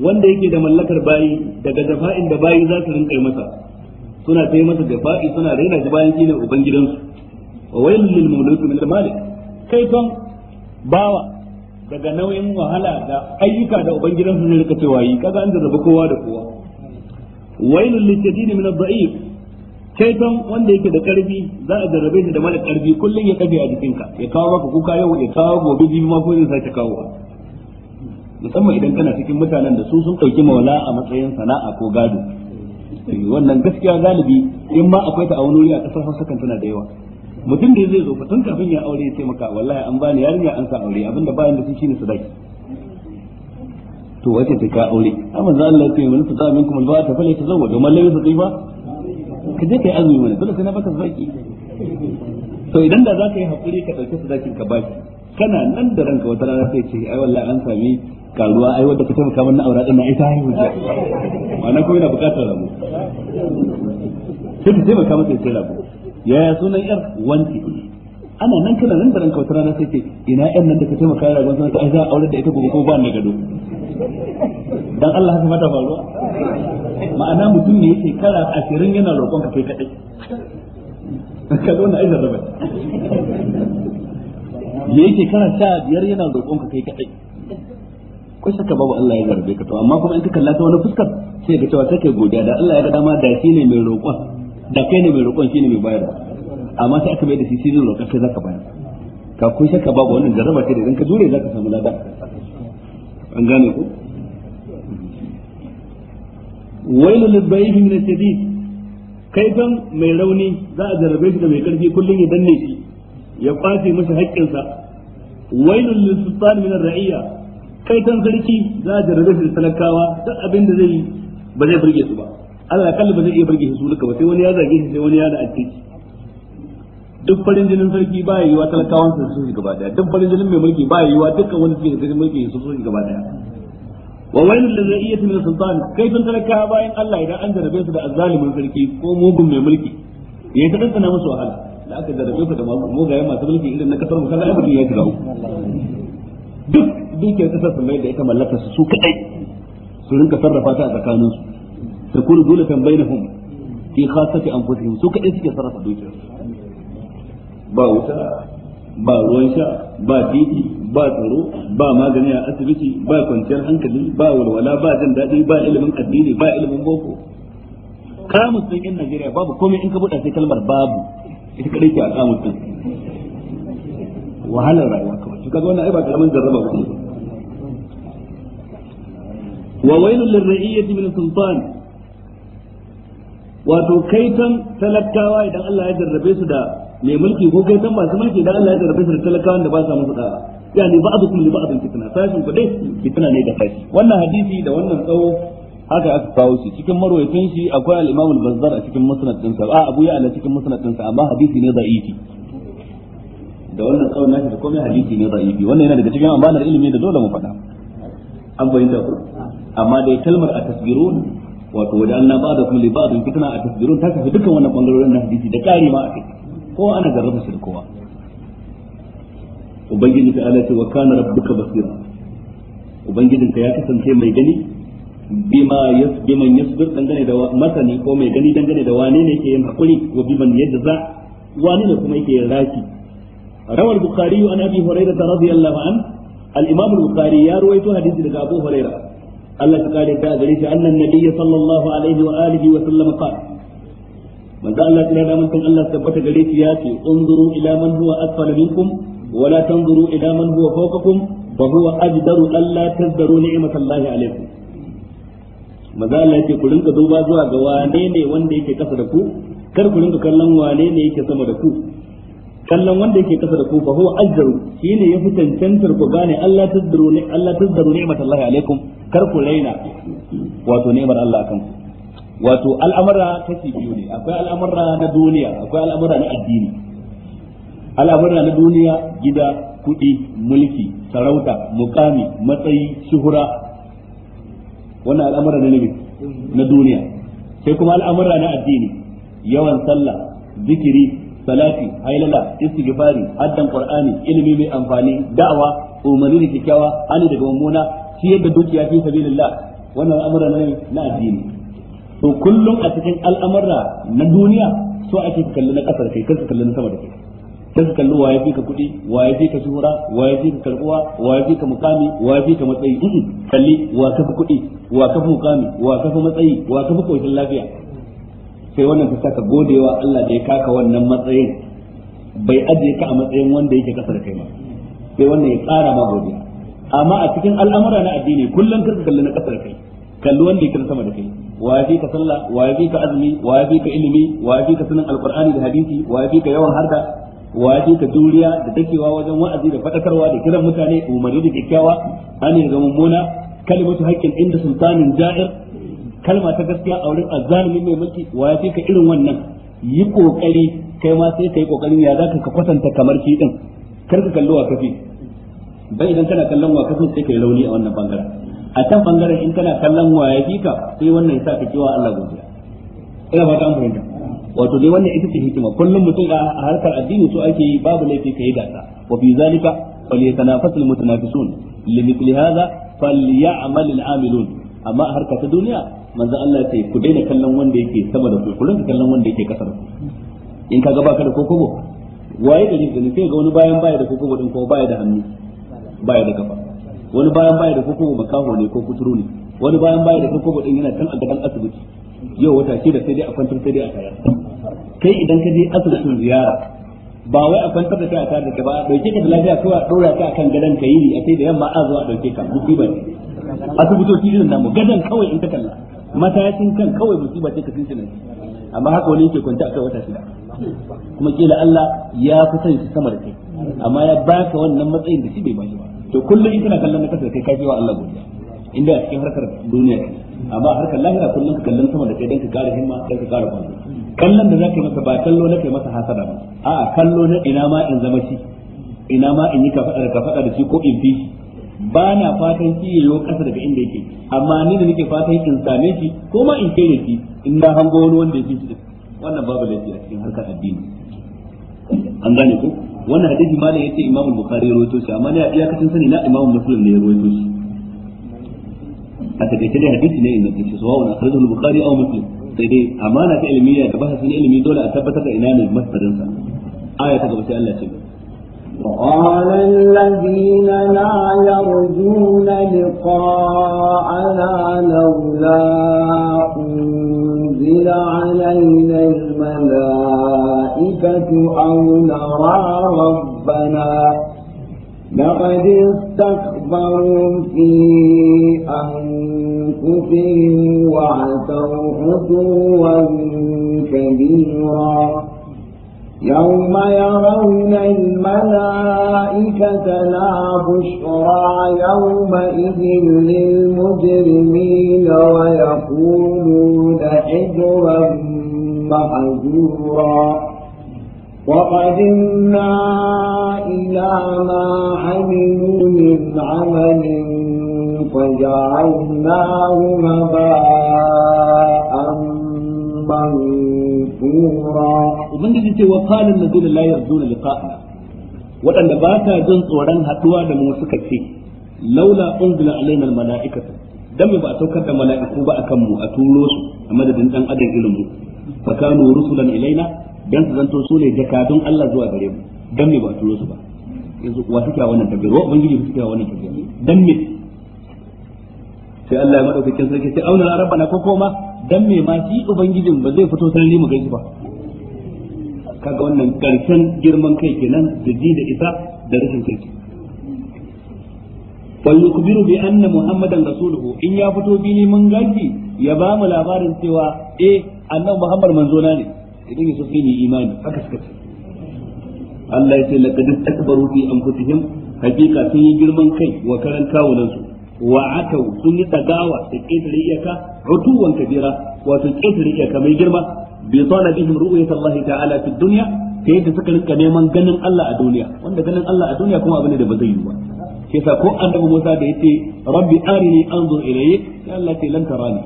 A: wanda yake da mallakar bayi daga jafa'in da bayi za su rinka masa suna ta masa jafa'i suna raina shi bayan shine ubangidansu wa wailul lil min al malik kai ton bawa daga nauyin wahala da ayyuka da ubangidansu ne rika cewa yi kaga an zaba kowa da kowa wailul lil min al da'if kai ton wanda yake da karfi za a jarrabe shi da mara karfi kullun ya kaje a jikinka ya kawo maka kuka yau ya kawo gobe bibi ma ko za sake kawo musamman idan kana cikin mutanen da su sun ɗauki maula a matsayin sana'a ko gado eh, wannan gaskiya galibi in ma akwai ta a wani wuri a ƙasar hausa kan tana da yawa mutum da zai zo fa tun kafin ya aure ya ce maka wallahi an bani yarinya an sa aure abinda bayan da shi shine dai to wace ta ka aure amma za Allah ya ce mun tsaya minkum ba ta fale ta zawo domin lai su ba ka je kai azumi mana dole sai na baka zaki to idan da za ka yi hakuri ka su sadakin ka baki kana nan da ranka wata rana sai ce ai wallahi an sami karuwa ai wanda kace taimaka min na aura din na ita haihu ce ma'ana kuma yana bukatar ramu sai ka taimaka masa ya ce ya ya sunan yar wanti ana nan kana nan da ranka wata rana sai ce ina yan nan da kace taimaka da sai ai za a aure da ita gobe ko ba na gado dan Allah haka mata faruwa ma'ana mutum ne yake kara ashirin yana roƙon ka kai kadai ka zo na da
C: rabai me yake
A: karanta biyar yana roƙon ka kai kadai ko shakka babu Allah ya garbe ka to amma kuma in ka kalla ta wani fuskar sai ka cewa sai kai godiya da Allah ya ga dama da shi ne mai roƙon da kai ne mai roƙon shi ne mai bayar amma sai aka mai da shi shi ne roƙon kai zaka bayar ka ko shakka babu wannan jarraba ce da idan ka jure zaka samu lada an gane ku wailul lidbayhi min at-tadid kai kan mai rauni za a jarrabe shi da mai karfi kullun ya danne shi ya kwace masa haƙƙinsa wailul lil sultan min ar-ra'iyya kai tan sarki za a jarrabe shi talakawa duk abin da zai ba zai burge su ba Allah kalli ba zai iya burge shi su duka ba sai wani ya zage shi sai wani ya da addini duk farin jinin sarki ba ya yi wa talakawan su sun gaba daya duk farin jinin mai mulki ba ya yi wa dukkan wani cikin sarki mulki su sun gaba daya wa wailul lizza'iyati min sultan kai tan talakawa bayan Allah idan an jarabe su da azzalimin sarki ko mugun mai mulki ya ta dantana musu wahala da aka jarrabe ku da mugaye masu mulki irin na kasar ku kaza mutum ya shiga uku duk dukiyar kasar su mai da ita mallakar su su kadai su rinka sarrafa ta a tsakanin su ta kuru dole tambayinahum fi khassati anfusihim su kadai suke sarrafa dukiyar ba wuta ba ruwan sha ba titi ba tsaro ba magani a asibiti ba kwanciyar hankali ba walwala ba jin daɗi ba ilimin addini ba ilimin boko karamus din yan Najeriya babu komai in ka buɗa sai kalmar babu ita kadai ke a kamun kan wahalar rayuwa kawai to kaga wannan ai ba karamin jarraba ba wa wailul lirriyyati min sultan wato kaitan talakawa idan Allah ya jarrabe su da mai mulki ko kaitan masu mulki idan Allah ya jarrabe su da talakawan da ba sa musu da'a yani ba'dukum li ba'din fitna sashin ku dai fitna ne da kai wannan hadisi da wannan tsawo haka aka kawo shi cikin marwayatan shi akwai al-Imam al-Bazzar a cikin musnad din sa a Abu Ya'la cikin musnad din sa amma hadisi ne da'ifi da wannan tsawon nashi da komai hadisi ne da'ifi wannan yana daga cikin amanar ilimi da dole mu faɗa an bayyana ku amma dai kalmar at-tasbirun wato wajen na ba da kuma libadin fitna at-tasbirun ta kafi dukkan wannan bangarorin na hadisi da kari ma kai. kowa ana garraba shi da kowa ubangiji ta ala ce wa kana rabbuka basira ubangijinka ya kasance mai gani bima yas biman dangane da masani ko mai gani dangane da wane ne yake yin hakuri wa biman yadda za wane ne kuma yake yin raki rawa al-bukhari an abi hurayra radiyallahu an al-imam al-bukhari ya ruwaito hadisi daga abu hurayra Allah ya kare ka gare shi annan nabiyyi sallallahu alaihi wa alihi wa sallam qa manzo Allah ya da mun san Allah tabbata gare shi ya ce unzuru ila man huwa asfala minkum wa la tanzuru ila man huwa fawqakum fa huwa ajdaru alla tazdaru ni'matallahi maza Allah yake ku rinka duba zuwa ga wane ne wanda yake kasa da ku kar ku rinka kallon wane ne yake sama da ku kallon wanda yake kasa da ku fa huwa ajru shine yafi tantantar ku gane Allah tazdaru ne Allah tazdaru Allah alaikum kar ku raina wato ni'mar Allah akan ku wato al'amara kashi biyu ne akwai al'amara na duniya akwai al'amara na addini al'amara na duniya gida kuɗi mulki sarauta mukami matsayi shuhura wannan al'amura ne ne na duniya sai kuma al'amura na addini yawan sallah zikiri salati hailala istighfari addan qur'ani ilimi mai amfani da'awa umarni da kikkiawa ani daga mummuna ciyar da dukiya fi sabilillah wannan al'amura ne na addini to kullum a cikin al'amura na duniya so ake kalli na kasar kai kar kalli na sama da kai sai su kalli waye fi ka kuɗi waye fi ka shura, waye fi ka karbuwa waye fi ka mukami waye fi ka matsayi duk kalli wa kafa kuɗi wa kafa mukami wa kafa matsayi wa kafa koshin lafiya sai wannan ta saka godewa Allah da ya kaka wannan matsayin bai ajiye ka a matsayin wanda yake kasar kai ba sai wannan ya tsara ma godiya amma a cikin al'amura na addini kullum ka kalli na kasar kai kalli wanda yake sama da kai wa fi ka sallah wa fi ka azumi wa fi ka ilimi wa ya fi ka sunan alqur'ani da hadisi wa ya fi ka yawan harka wa ya ka juriya da dakewa wajen wa'azi da fadakarwa da kiran mutane umarni da kyakkyawa an ga mummuna kalimatu haqqin inda sultanin ja'ir kalma ta gaskiya a wurin azzalimi mai maki wa ya ka irin wannan yi kokari kai ma sai kai kokarin ya zaka ka kwatanta kamar shi din kar ka kalli wa kafi bai idan kana kallon wa kafin sai kai launi a wannan bangaren a can bangaren in kana kallon wa ya ka sai wannan ya sa ka kiwa Allah godiya ina ba ta fahimta wato dai wannan ita ce hikima kullum mutum a harkar addini so ake yi babu laifi kai gasa wa fi zalika falyatanafasul mutanafisun limithli hadha falyamal al'amilun amma a harkar ta duniya manzo Allah ya ce ku daina kallon wanda yake sama da ku ku rinka kallon wanda yake kasar ku in kaga baka da kokobo waye da ne sai ga wani bayan baya da kokobo din ko baya da hannu baya da kafa wani bayan baya da kokobo makaho ne ko kuturu ne wani bayan baya da kokobo din yana kan a gaban asibiti yau wata da sai dai a kwantar sai dai a tayar kai idan ka je asibitin ziyara ba wai a kwantar da kai a tayar da kai ba dauke ka da lafiya kawai a dora ka akan gadon ka yi a sai da yamma a zuwa dauke ka musiba ne asibitoci irin namu gadon kawai in ka kalla matayacin kan kawai musiba ce ka sun shi amma haka wani yake kwanta akai wata shida kuma kila Allah ya fi son shi sama da kai amma ya ba ka wannan matsayin da shi bai bashi ba to kullum in kana kallon na kasar kai kafi wa Allah godiya inda a cikin harkar duniya ne amma harkar lahira kullum ka kallon sama da kai dan ka kara himma dan ka kara kwanci kallon da zaka masa ba kallo na kai masa hasada ba a'a kallo na ina ma in zama shi ina ma in yi ka faɗa da ka da shi ko in fi shi ba na fatan shi ya kasa daga inda yake amma ni da nake fatan in same shi ko ma in kai da shi in na hango wani wanda ya fi shi wannan babu laifi a cikin harkar addini an gane ko wannan hadisi malam yace imamu bukhari ya rawaito shi amma ne a iyakacin sani na imamu muslim ne ya rawaito shi a takaice dai hadisi ne inda take sawa wa akhrajahu al-bukhari aw muslim sai dai amana ta ilmiya da bahasin ilimi dole a tabbatar da ina ne masdarin sa aya ta gaba sai Allah ce
B: وقال الذين لا يرجون لقاءنا لولا أنزل علينا الملائكة أو نرى ربنا لقد استكبروا في أنفسهم كفروا وعتوا عتوا كبيرا يوم يرون الملائكة لا بشرى يومئذ للمجرمين ويقولون حجرا محجورا وقدمنا إلى ما عملوا من عمل فجعلناه هباء
A: منثورا ubangiji ce wa qala allazina la yarjuna liqa'ana wadanda ba ta jin tsoron haduwa da mu suka ce laula unzila alaina almala'ikatu dan ba a saukar da mala'iku ba akan mu a turo su a madadin dan adam irin mu fa kanu rusulan ilaina dan su zanto su ne jakadun Allah zuwa gare mu dan ba a turo su ba yanzu wa take wannan tabbiyar wa ubangiji take wannan tabbiyar dan me sai Allah ya madaukakin sarki sai auna rabbana ko koma dan me ma shi ubangijin ba zai fito sarari mu gaishe ba kaga wannan karshen girman kai kenan da ji da isa da rashin kai wal yukbiru bi anna muhammadan rasuluhu in ya fito bini mun gaji ya ba mu labarin cewa eh annabi muhammad manzo na ne idan yaso sai ni imani haka suka ce Allah ya ce laqad takbaru fi anfusihim hakika sun yi girman kai wa karan kawunan wa atau sun yi tagawa da ƙetare iyaka utuwan kabira wato ƙetare iyaka mai girma bi talabihim ru'yat Allah ta'ala fi dunya ta yadda suka rinka neman ganin Allah a duniya wanda ganin Allah a duniya kuma abin da ba zai yi ba ke sa ko annabi Musa da yace rabbi arini anzur ilayk ya Allah ce lan tarani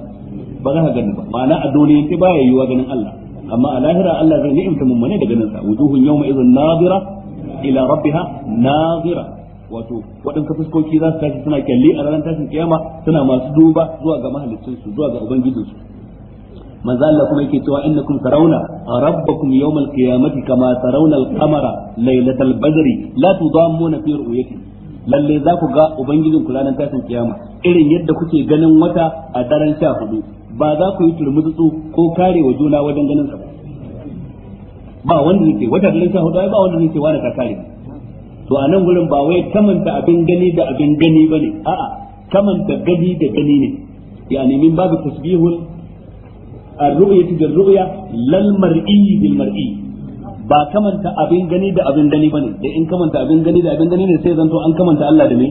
A: ba za ka gani ba ma'ana a duniya baya yiwa ganin Allah amma a lahira Allah zai ni'imta mummune da ganin sa wujuhun yawma idhin nadira ila rabbiha nadira wato waɗansu fuskoki za su tashi suna kyalli a ranar tashin kiyama suna masu duba zuwa ga mahaliccin su zuwa ga ubangijin su manzo Allah kuma yake cewa innakum tarawna rabbakum yawmal qiyamati kama tarawna al-qamara laylatal badri la tudammuna fi ru'yati lalle za ku ga ubangijin ku ranar tashin kiyama irin yadda kuke ganin wata a daren sha hudu ba za ku yi turmutsu ko kare wa juna wajen ganin sa ba wanda zai ce wata daren sha hudu ba wanda zai ce wani ta kare to a nan gurin ba wai kamanta abin gani da abin gani bane a'a kamanta gani da gani ne yani min babu tasbihul ar-ru'yati bir-ru'ya lal mar'i bil mar'i ba kamanta abin gani da abin gani bane da in kamanta abin gani da abin gani ne sai zanto an kamanta Allah da me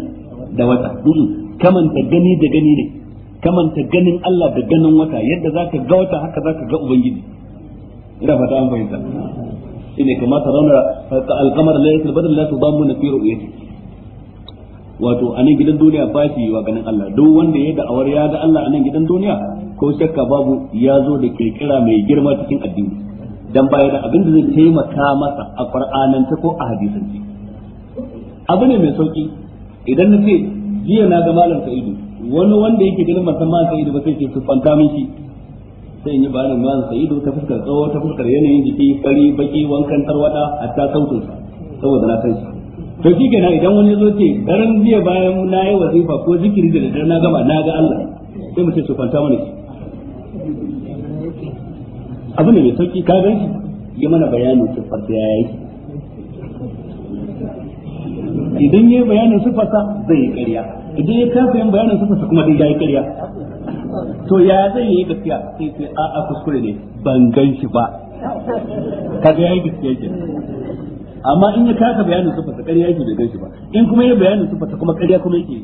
A: da wata kamanta gani da gani ne kamanta ganin Allah da ganin wata yadda zaka ga wata haka zaka ga ubangiji ina fata an fahimta shine kama tarawna al-qamar laylatul badr la tudamuna fi ru'yati wato a nan gidan duniya ba shi wa ganin Allah duk wanda ya da'awar ya ga Allah a nan gidan duniya ko shakka babu ya zo da kirkira mai girma cikin addini dan baya da abin da zai taimaka masa a ta ko a hadisance abu ne mai sauki idan na ce jiya na ga malam sa'idu wani wanda yake ganin masan malam sa'idu ba sai ce su fanta min shi sai ni yi bayanin ruwan sa'idu ta fuskar tsawo ta fuskar yanayin jiki fari baki wankan tarwada hatta sautin saboda na san shi to shi kenan idan wani zo ce daren jiya bayan na yi wazifa ko zikiri da daren na gama na ga Allah sai mu ce su kwanta mana shi abu ne mai sauki ka gan shi yi mana bayanin siffar da yi. idan yi bayanin siffarsa zai yi idan ya kafa yin bayanin siffarsa kuma zai yi ƙarya to ya zai yi gaskiya sai sai a a kuskure ne ban gan shi ba kaga yayi gaskiya ke amma in ya kasa bayanin su fata ƙarya yake bai gan shi ba in kuma ya bayanin su fata kuma ƙarya kuma yake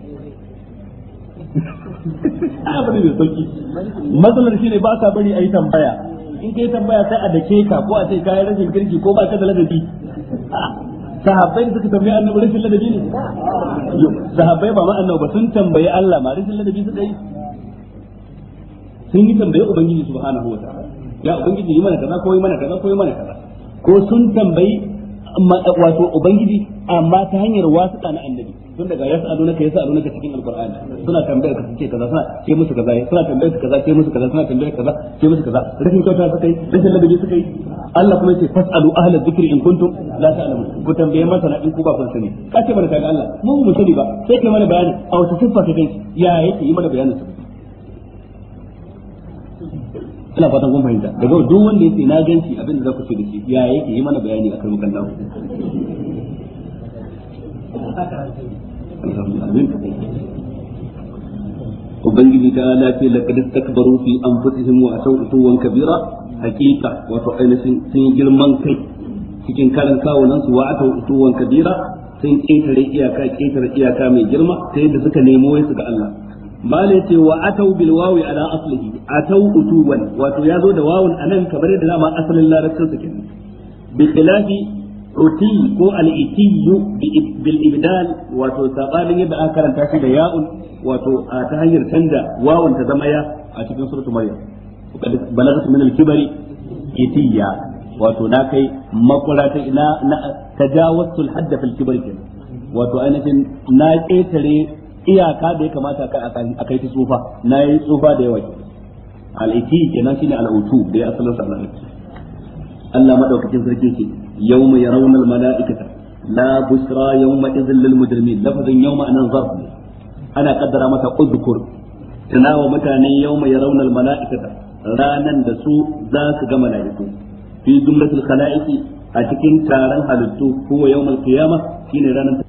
A: a ne da sauki matsalar shi ne ba ka bari a yi tambaya in kai tambaya sai a dake ka ko a ce yi rashin kirki ko ba ka da ladabi sahabbai suka tambayi annabi rashin ladabi
C: ne
A: sahabbai ba ma annabi ba sun tambayi Allah ma rashin ladabi su yi sun yi tambaye ubangiji subhanahu wa ta'ala ya ubangiji yi mana kaza ko yi mana kaza ko yi mana kaza ko sun tambayi wato ubangiji amma ta hanyar wasu na annabi tun daga ya sa'alu naka ya sa'alu naka cikin alqur'ani suna tambayar ka suke kaza suna ce musu kaza suna tambayar ka kaza ce musu kaza suna tambayar ka kaza ce musu kaza rashin kyauta suka yi rashin ladabi suka yi Allah kuma yace fasalu ahla dhikri in kuntum la ta'lamun ku tambaye masa na in ku ba kun sani kace mana kaga Allah mu mu sani ba sai kai mana bayani a wata siffa ta kai ya yake yi mana bayanin sa ina fatan kun fahimta daga duk wanda yace na ganci abin da za ku ce da shi ya yake yi mana bayani akan mukan nawo ubangiji ta ala ce laqad istakbaru fi anfusihim wa ataw utuwan kabira haqiqa wato ainihin sun girman kai cikin karin kawunan su wa ataw utuwan kabira sun ketare iyaka ketare iyaka mai girma sai da suka nemo su ga Allah malai ce wa atau bil wawi ala aslihi atau utuban wato ya zo da wawun anan kamar yadda dama asalin larabcin sa kenan bi khilafi uti ko al itiyu bil ibdal wato sabanin yadda aka karanta shi da ya'un wato a ta hanyar canja wawun ta zama ya a cikin suratul maryam balagat min al kibari itiya wato na kai makura ta na tajawazul hadda fil kibari wato ainihin na ketare iyaka da ya kamata a kai ta tsufa na yi tsufa da yawa al'iti kenan shine al'utu da ya asalin sa al'utu Allah madaukakin sarki ce yawma yarawna al-mala'ikata la yau yawma izin lil mujrimin lafazin yawma anan zarf ne ana kaddara mata udkur tunawa mutane yawma yarawna al-mala'ikata ranan da su za su ga mala'iku fi jumlatil khala'iqi a cikin taron halittu yau mai qiyamah shine ranan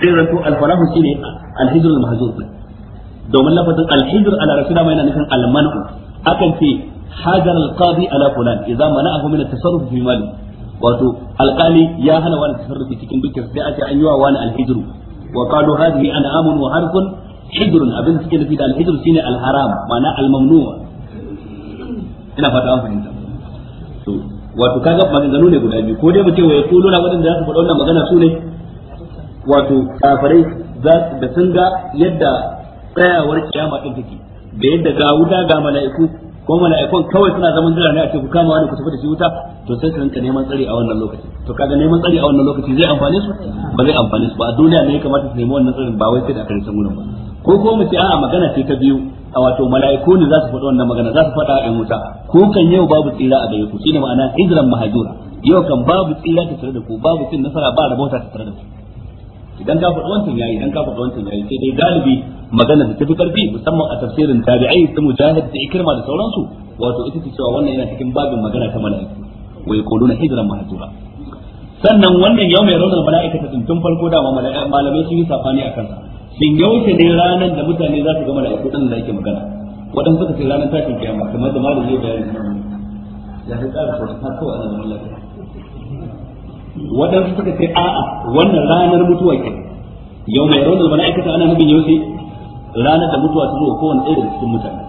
A: zai zanto alfalahu shine alhijr almahzuz domin lafazin alhijr ala rasulullah mai nufin almanu akan ce hajar alqadi ala fulan idza mana'ahu min fi mali wato alqali ya hana wani tasarrufi cikin dukiyar sai a ce an yi wa wani alhijr wa qalu hadhihi an'amun wa abin nufi da alhijr shine alharam almamnu'a ina fata an fahimta wato kaga maganganu ne guda biyu ko dai mu ce wa yaquluna wadanda za su faɗa wannan magana su ne wato kafirai da sun ga yadda tsayawar kiyama din take da yadda ga wuta ga mala'iku ko mala'ikun kawai suna zaman jira ne a ce ku kama wani ku tafi da shi wuta to sai su rinka neman tsari a wannan lokaci to kaga neman tsari a wannan lokaci zai amfane su ba zai amfane su ba a duniya ne ya kamata su nemi wannan tsarin ba wai sai da karin samunan ba ko ko mu ce a'a magana ce ta biyu a wato mala'iku ne za su faɗa wannan magana za su faɗa a wuta ko kan yau babu tsira a gare ku shine ma'ana hijran mahajura yau kan babu tsira ta tare da ku babu cin nasara ba rabota ta tare da ku idan ka faɗi wancan yayi idan ka faɗi wancan yayi sai dai galibi magana da tafi karfi musamman a tafsirin tabi'ai ta mujahid da ikirma da sauransu wato ita ce cewa wannan yana cikin babin magana ta mala'iku wa yaquluna hijran mahjura sannan wannan yau mai raunar mala'ikata tun farko da malamai sun yi safani a kansa shin yaushe ne ranar da mutane za su ga mala'iku din da yake magana wadan suka ce ranar tashin kiyama kamar da malamin zai bayani ya fi tsara sauran ta kawai a zaman lafiya waɗansu suka ce a'a wannan ranar mutuwa ke yau mai raunar aikata ana nufin yau sai ranar da mutuwa ta zuwa kowane ɗaya daga cikin mutane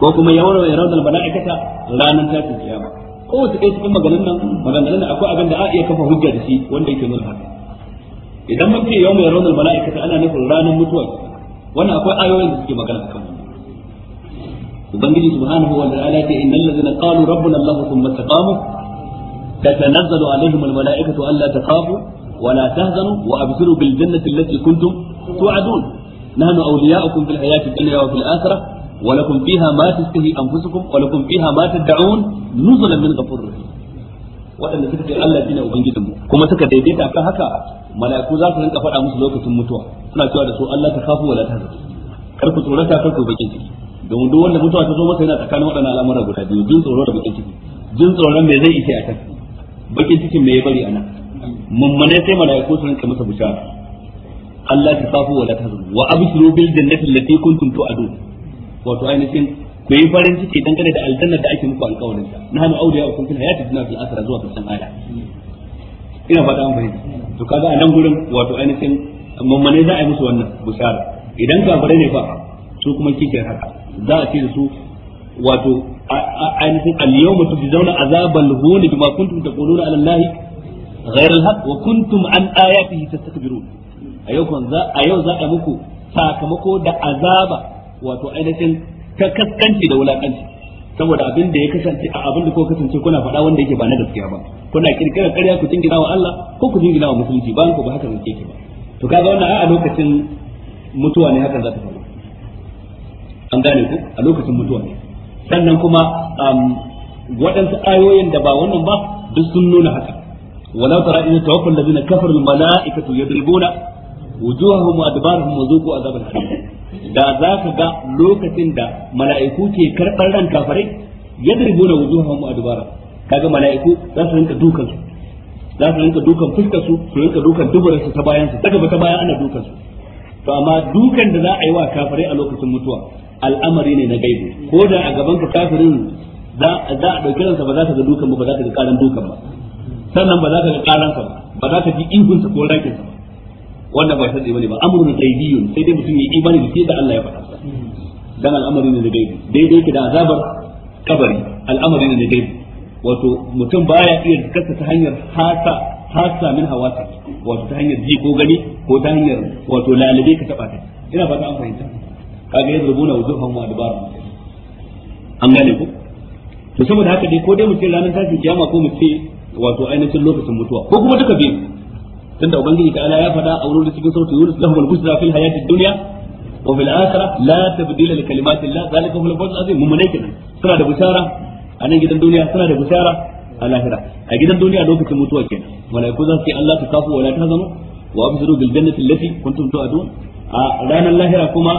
A: ko kuma yau mai raunar aikata ranar tashin kiyama kowace ɗaya cikin maganin nan maganganun nan akwai abin da a iya kafa hujja da shi wanda yake nuna haka idan mun ce yau mai raunar aikata ana nufin ranar mutuwa wannan akwai ayoyin da suke magana akan wannan ubangiji subhanahu wa ta'ala ce innal ladzina qalu rabbuna allah thumma istaqamu تتنزل عليهم الملائكة ألا تخافوا ولا تهزنوا وأبشروا بالجنة التي كنتم توعدون نحن أولياؤكم في الحياة الدنيا وفي الآخرة ولكم فيها ما تشتهي أنفسكم ولكم فيها ما تدعون نزلا من غفور رحيم waɗanda suka ce Allah shine ubangijinmu. kuma suka daidaita kan haka mala'iku za su rinka faɗa musu lokacin mutuwa suna cewa da su Allah ta kafu wala tahzan kar ku tsorata kar ku bakin ciki domin duk wanda mutuwa ta zo masa yana tsakanin waɗannan al'amura guda biyu jin tsoro da bakin ciki jin tsoron me zai ishe a bakin cikin me ya bari ana mummane sai malaiku su rinka masa bishara Allah ta safu wa la tahzanu wa abshiru bil jannati allati kuntum tu'adun wato ainihin ku yi farin ciki dangane da aljannar da ake muku alƙawarin ta na hanu audiya wa kuntum hayati dunya fil akhirah zuwa karshen ala. ina fata an bayyana to kaga a nan gurin wato ainihin mummune za a yi musu wannan bishara idan kafirai ne fa su kuma kike haka za a ce da su wato ainihin al-yawma tujzauna azabal hun bima kuntum taquluna ala allahi ghayra al-haq wa kuntum an ayatihi tastakbirun a yau kan za a yau za a muku sakamako da azaba wato ainihin ta kaskanci da wulakanci saboda abin da ya kasance a abin da ko kasance kuna faɗa wanda yake ba na gaskiya ba kuna kirkirar ƙarya ku jingina wa Allah ko ku jingina wa musulunci ba ku ba haka zance ke ba to kaga wannan a lokacin mutuwa ne hakan za ta faru an gane ku a lokacin mutuwa ne sannan kuma um, waɗansu ayoyin da ba wannan ba duk sun nuna haka wala tara in tawaffal ladina kafaru al malaikatu yadribuna wujuhahum wa adbarahum wa zuqu azab al da za ka ga lokacin da mala'iku ke karɓar ran kafirai yadribuna wujuhahum wa adbarahum kaga mala'iku za su rinka dukan su za su rinka dukan fuskar su su rinka dukan dubarar su ta bayan su daga ta bayan ana dukan su to amma dukan da za a yi wa kafirai a lokacin mutuwa al'amari ne na gaibu ko da a gaban kafirin za a ɗauki ransa ba za ka ga dukan ba ba za ka ga karan dukan ba sannan ba za ka ga karan ba ba za ka ji ihun sa ko rakin sa wanda ba sai bane ba amrun ghaibiyun sai dai mutum ya imani da shi da Allah ya faɗa dan al'amari ne na gaibu daidai ki da azabar kabari al'amari ne na gaibu wato mutum baya iya kasa ta hanyar hasa hasa min hawasa wato ta hanyar ji ko gani ko ta hanyar wato lalabe ka taba ta ina fata an fahimta kaga yadrubuna wujuhahum wa adbar an gane ku to saboda haka dai ko dai mu ce ranar tashin kiyama ko mu ce wato ainihin lokacin mutuwa ko kuma duka biyu tunda ubangiji ta'ala ya faɗa a wurin cikin sautin yunus lahum al-busra fil hayatid dunya wa fil akhirah la tabdila li kalimatillah zalika huwal fawzul azim mun kenan suna da bushara a nan gidan duniya suna da bushara a lahira a gidan duniya lokacin mutuwa kenan malaiku za su ce Allah ta kafu wala ta zama wa abshiru bil jannati allati kuntum tu'adun a ranar lahira kuma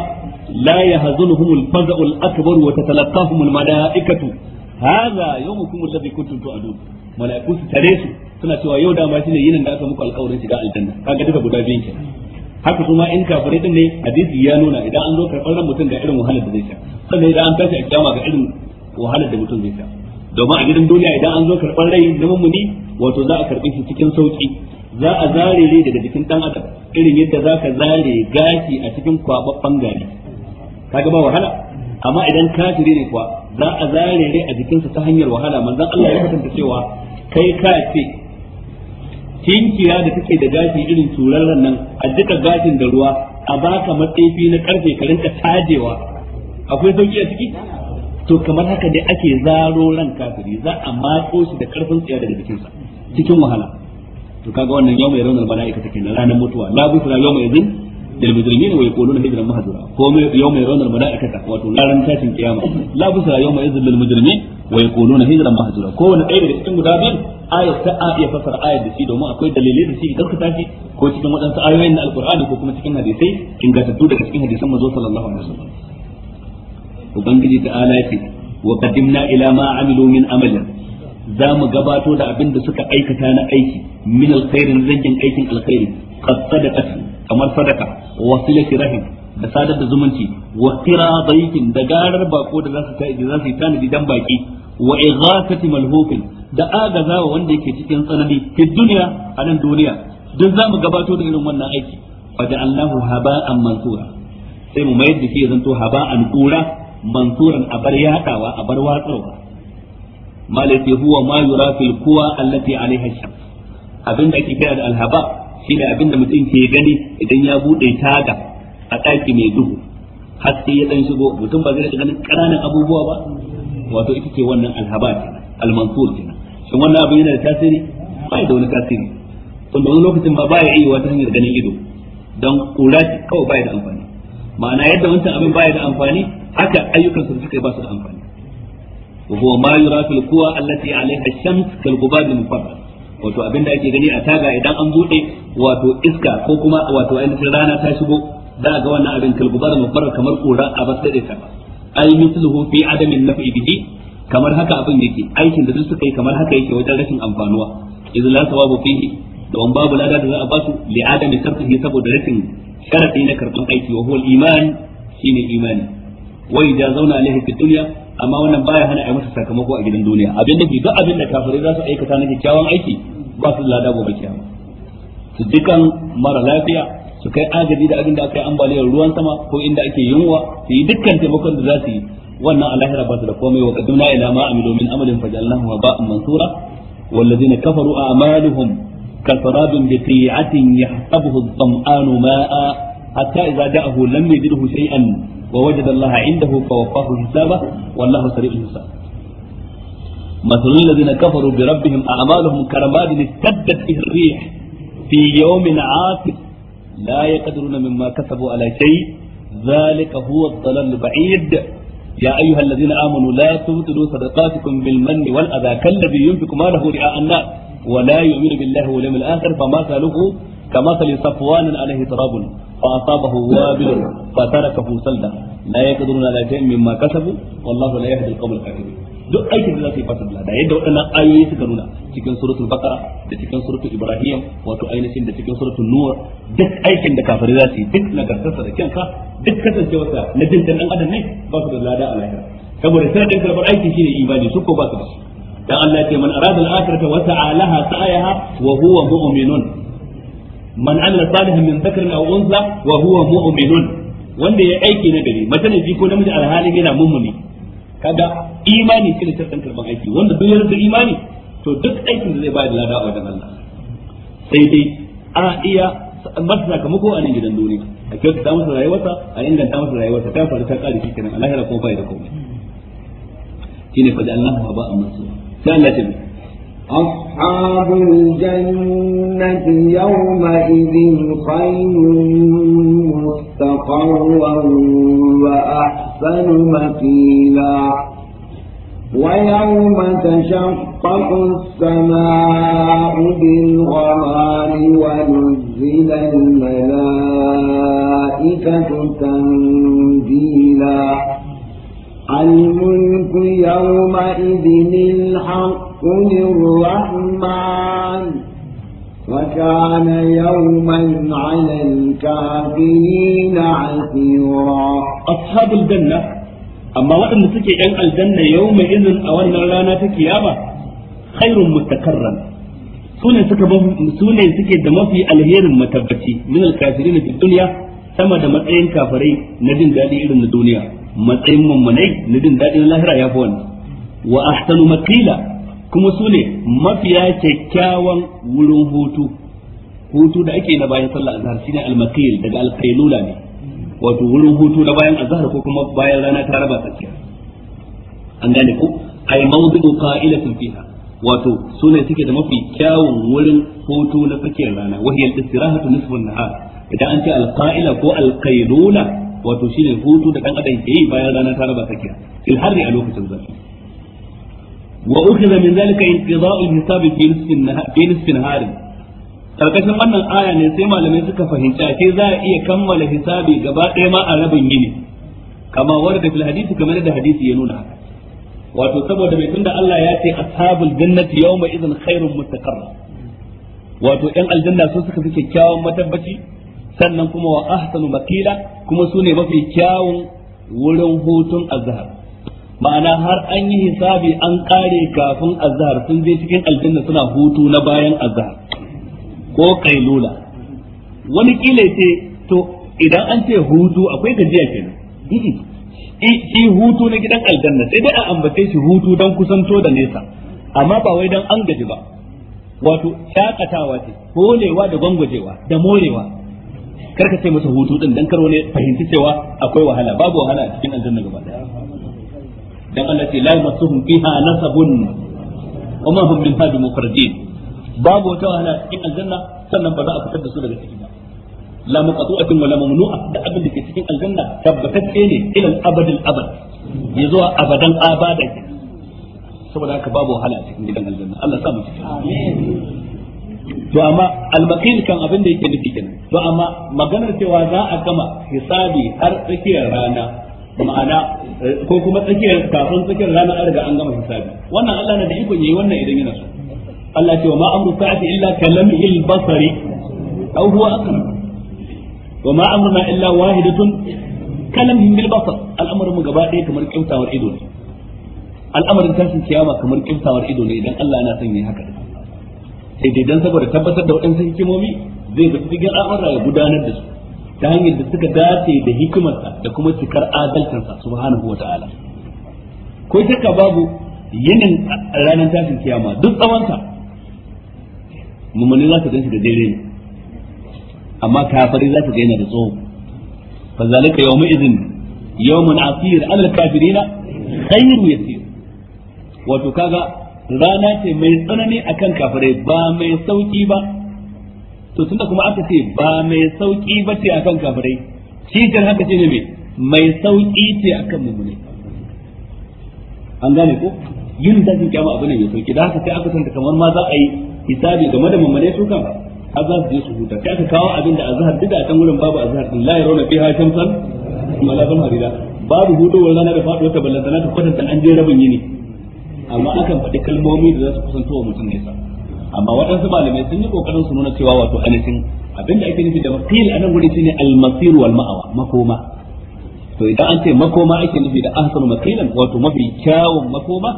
A: la yahzunuhum al faza'u al akbar wa tatalaqahum al malaikatu hadha yawmukum alladhi kuntum tu'adun malaiku su tare su suna cewa yau da ma shine yinin da aka muku alƙawarin shiga aljanna kaga duka guda biyan kenan haka kuma in kafirai din ne hadisi ya nuna idan an zo karɓar ran mutum da irin wahalar da zai sha sannan idan an tashi a kiyama ga irin wahalar da mutum zai sha domin a gidan duniya idan an zo karɓar rai na mummuni wato za a karɓi shi cikin sauki za a zare rai daga jikin dan adam irin yadda za ka zare gashi a cikin kwababban gari kaga ba wahala amma idan kafiri ne kuwa za a zare rai a jikinsa ta hanyar wahala manzon Allah ya kasance cewa kai ka ce tinkiya da take da gashi irin turarren nan a duka gashin da ruwa a baka matsefi na karfe ka rinka tajewa akwai sauki a ciki to kamar haka dai ake zaro ran kafiri za a matso shi da karfin tsiya daga jikinsa cikin wahala to kaga wannan yau mai raunar mala'ika take na ranar mutuwa la yau mai zin mujrimina wa yaquluna hijran ko yau mai raunar wato ranar tashin kiyama la yau mai zin mujrimin wa yaquluna hijran ko wani ɗaya daga cikin guda biyu ayat ta a iya ayat da shi domin akwai dalilai da shi idan ka ko cikin waɗansu ayoyin na alqur'ani ko kuma cikin hadisai daga cikin hadisan manzo sallallahu alaihi wasallam ubangiji ta ala ce wa qaddimna ila ma amilu min amalin za mu gabato da abin da suka aikata na aiki min alkhairin zangin aikin alkhairi qad sadaqat kamar sadaka wa silati rahim da sadar da zumunci wa qira daykin da garar bako da za su ta da za su yi tanadi dan baki wa ighathati malhufin da agazawa wanda yake cikin tsanani fi duniya a nan duniya duk za mu gabato da irin wannan aiki fa ja'alnahu haba'an mansura sai mu mayar da shi zanto haba'an qura mansuran a bar yadawa a bar watsarwa malati huwa ma yura fil quwa allati alaiha shams abinda ake kira da alhaba shine abinda mutum ke gani idan ya bude taga a daki mai duhu har sai ya dan shigo mutum ba zai ganin ƙananan abubuwa ba wato ita ce wannan alhaba kenan almansur kenan shin wannan abin yana da tasiri ba da wani tasiri tunda wani lokacin ba baya iya wata hanyar ganin ido Dan kura kawai baya da amfani ma'ana yadda wancan abin baya da amfani haka ayyukan su suka yi ba su da amfani huwa ma yura fil quwa allati shams kal al mufarrad wato abinda ake gani a taga idan an bude wato iska ko kuma wato ainihin rana ta shigo da ga wannan abin kal gubab al mufarrad kamar kura a basare ta fi adami an naf'i bihi kamar haka abin yake aikin da duk suka yi kamar haka yake wajen rashin amfanuwa idan la sawabu fihi don babu lada da za a basu li adami sarfihi saboda rashin sharadi na karban aiki wa huwa al iman shine imani Wai da zauna alaihi fi duniya amma wannan baya hana a masa sakamako a gidan duniya abin da duk abin da kafirai za su aikata na kyakkyawan aiki ba su lada gobe kiyama su dukan mara lafiya su kai agaji da abin da aka yi ambaliyar ruwan sama ko inda ake yunwa su yi dukkan taimakon da za su yi wannan alahira ba su da komai wa kaduna ila ma amilu min amalin fajalnahu wa ba'an mansura والذين كفروا أعمالهم كسراب بقيعة يحسبه الظمآن ماء حتى إذا جاءه لم يجده شيئا ووجد الله عنده فوفاه حسابه والله سريع الحساب مثل الذين كفروا بربهم أعمالهم كرماد اشتدت به الريح في يوم عاصف لا يقدرون مما كسبوا على شيء ذلك هو الضلال البعيد يا أيها الذين آمنوا لا تبطلوا صدقاتكم بالمن والأذى كالذي ينفق ماله رئاء الناس ولا يؤمن بالله واليوم الآخر فمثله كمثل صفوان عليه تراب فأصابه وابل فتركه سلدا لا يقدرون على شيء مما كسبوا والله لا يهدي القوم الكافرين duk aikin da za su yi fasa da yadda waɗannan ayoyi suka nuna cikin suratul baqara da cikin suratul ibrahim wato ainihin da cikin suratul nur duk aikin da kafirai za su yi duk na nagartarsa da kyanka duk kasancewarsa na jin dan adam ne ba su da lada a lahira saboda sai da karbar aiki shine imani su ko ba su da Allah ya ce man arada al-akhirata wa sa'alaha sa'ayaha wa huwa mu'minun man amila salihan min dhakarin aw unsa wa huwa mu'minun wanda ya aiki na gari mace ne ko namiji alhalin yana mummuni kaga imani kina shartan karban aiki wanda duk yarda imani to duk aikin da zai bayar da lada a wajen Allah sai dai a iya masa sakamako a nan gidan duniya a ta masa rayuwarsa a inganta masa rayuwarsa ta faru ta kare shi kenan a ko bai da komai shine fa da Allah ba a masu sai Allah ta
B: أصحاب الجنة يومئذ خير مستقرا وأحسن مقيلا ويوم تشقق السماء بالغمام ونزل الملائكة تنزيلا الملك يومئذ الحق قل الرحمن وكان يوما على الكافرين عسيرا أصحاب الجنة
A: أما وأن تكي أن الجنة يومئذ أو أن لا تكي خير متكرم sune suka sune suke da mafi alherin matabbaci min alkafirin fi dunya sama da matsayin kafirai na jin dadi irin na duniya matsayin mummunai na jin dadin lahira ya fi wannan wa ahsanu maqila kuma su ne mafiya kyakkyawan wurin hutu hutu da ake na bayan sallah azhar shine al-maqil daga al-qailula ne wato wurin hutu na bayan azhar ko kuma bayan rana ta raba tsakiya an gane ko ay mawdu'u qa'ilatin fiha wato sune suke da mafi kyawun wurin hutu na tsakiyar rana wahiya al-istirahatu nisfu an-nahar idan an ce al-qa'ila ko al-qailula wato shine hutu da dan adam ke yi bayan rana ta raba tsakiya ilhari a lokacin zafi wa ukhidha min zalika inqida'u al-hisab fi nisfin karkashin wannan aya ne sai malamai suka fahimci a za a iya kammala hisabi gaba ɗaya ma a rabin yini kama warda fil hadisi kamar da hadisi ya nuna haka wato saboda mai tunda Allah ya ce ashabul jannati yawma idhin khairun mustaqarra wato ɗan aljanna su suka fi kyakkyawan matabbaci sannan kuma wa ahsanu maqila kuma su ne mafi kyawun wurin hutun azhar ma'ana har an yi hisabi an kare kafin azhar sun je cikin aljanna suna hutu na bayan azhar ko kailula wani kila ce to idan an ce hutu akwai gajiya kenan shi hutu na gidan aljanna sai dai a ambace shi hutu don kusanto da nesa amma ba wai don an gaji ba wato shakatawa ce holewa da gwangwajewa da morewa karka ce masa hutu din dan karo ne fahimci cewa akwai wahala babu wahala a cikin aljanna gaba daya dan Allah ce la yamassuhum fiha nasabun wa ma hum minha bimukhrajin babu wata wahala cikin aljanna sannan ba za a fitar da su daga ciki ba la maqtu'atin wa la mamnu'a da abin da ke cikin aljanna tabbatacce ne ilal abadil abad ya zuwa abadan abada saboda haka babu wahala a cikin gidan aljanna Allah sa mu cikin to amma almaqil kan abin da yake nufi kenan to amma maganar cewa za a gama hisabi har tsakiyar rana ma'ana ko kuma tsakiyar kafin tsakiyar rana an riga an gama hisabi wannan Allah na da iko yayi wannan idan yana so Allah ce wa ma amru sa'ati illa kalamhil basari aw huwa aqrab wa ma amruna illa wahidatun kalamhil basar al'amarin mu gaba ɗaya kamar kyautawar ido ne al'amarin tashin kiyama kamar kyautawar ido ne idan Allah yana son yayi haka sai dai dan saboda tabbatar da waɗansu hikimomi zai ga cikin al'amura ya gudanar da su ta hanyar da suka dace da hikimarsa da kuma cikar adalcinsa subhanahu wa ta'ala ko shakka babu yinin ranar tashin kiyama duk tsawonta mummuni za su shi da dare amma kafari za su gaina da tsoho fa zalika yawma idin yawmun asir al kafirina khayru yasir wato kaga rana ce mai tsanani akan kafirai ba mai sauki ba to tunda kuma aka ce ba mai sauki ba ce akan kafirai cijin haka ce ne mai mai sauki ce akan mummune an gane ko yin dajin kyama abu ne mai sauki da haka sai aka santa kamar ma za a yi hisabi game da mummune su kan har za su je su huta sai aka kawo abin da azhar duk a kan wurin babu azhar din la yarawna fiha shamsan wala ban harira babu hudu wannan da fadu ta ballantana ta kwatanta an je rabin yini amma akan faɗi kalmomi da za su kusantowa mutum sa. amma waɗansu malamai sun yi kokarin su nuna cewa wato anisin abinda ake nufi da maqil anan guri shine al-masir wal ma'awa makoma to idan an ce makoma ake nufi da ahsanu maqilan wato mafi kyawun makoma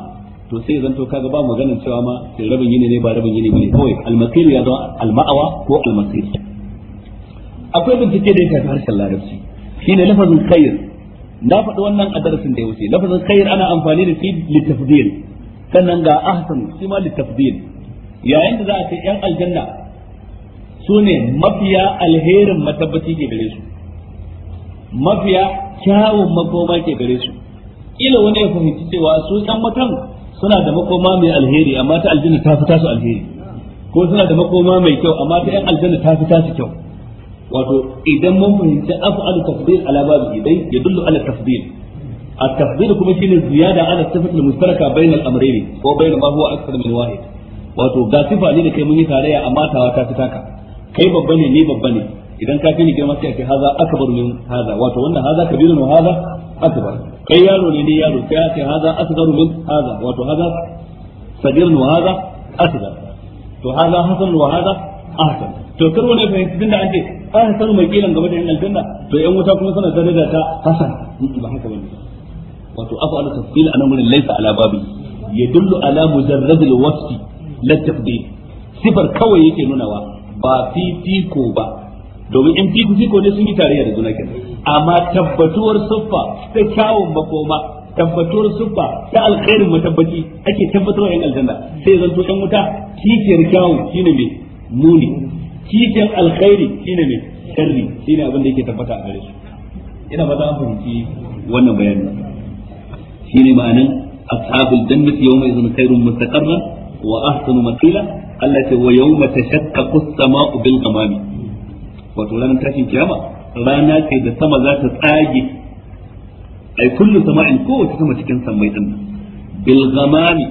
A: to sai zan to kaga ba mu ganin cewa ma sai rabin yini ne ba rabin yini bane kawai al-masir ya zama al-ma'awa ko al-masir akwai bincike da ya shafi harshen larabci shine lafazin khair na faɗi wannan a darasin da ya wuce lafazin khair ana amfani da shi litafdil sannan ga ahsan shi ma litafdil yayin da za a ce yan aljanna su ne mafiya alherin matabbaci ke gare su mafiya kyawun makoma ke gare su ila wani ya fahimci cewa su yan matan suna da makoma mai alheri amma ta aljanna ta fi tasu alheri ko suna da makoma mai kyau amma ta yan aljanna ta fi tasu kyau wato idan mun fahimci af'al tafdil ala babi dai yadullu ala tafdil التفضيل كما شيء الزيادة على الصفة المشتركة بين الأمرين وبين ما هو أكثر من واحد wato ga sifa ne da kai mun yi tarayya amma tawa ta fi taka kai babba ne ni babba ne idan ka fi ni girma sai ka haza akbar min haza wato wannan haza kabirun wa haza akbar kai yaro ne ne yaro kai ake haza asgaru min haza wato haza sagirun wa haza asgar to haza hasan wa haza ahsan to kar wani fahimci tunda an ce ahsan mai kilan gaba da yan aljanna to yan wuta kuma suna daraja ta hasan ba haka bane wato af'alu tafsil anan gurin laysa ala babi yadullu ala mujarrad al-wasfi latafdil sifar kawai yake nunawa ba fifiko ba domin in fifiko ne sun yi tarayya da juna kenan amma tabbatuwar siffa ta kyawun makoma tabbatuwar siffa ta alkhairin matabbaci ake tabbatarwa yan aljanna sai zan to yan wuta kishiyar kyawun shine me muni kishiyar alkhairi shine me sharri shine abin da yake tabbata a gare su ina za an fahimci wannan bayanin shine ma'anan ashabul jannati yawma idhin khairun mustaqarran wa ahsanu maqila Allah ce wa yawma tashaqqaqu as-sama'u bil ghamami wato ranar tashin kiyama rana ce da sama za ta tsage ai kullu sama'in kowace sama cikin sammai din bil ghamami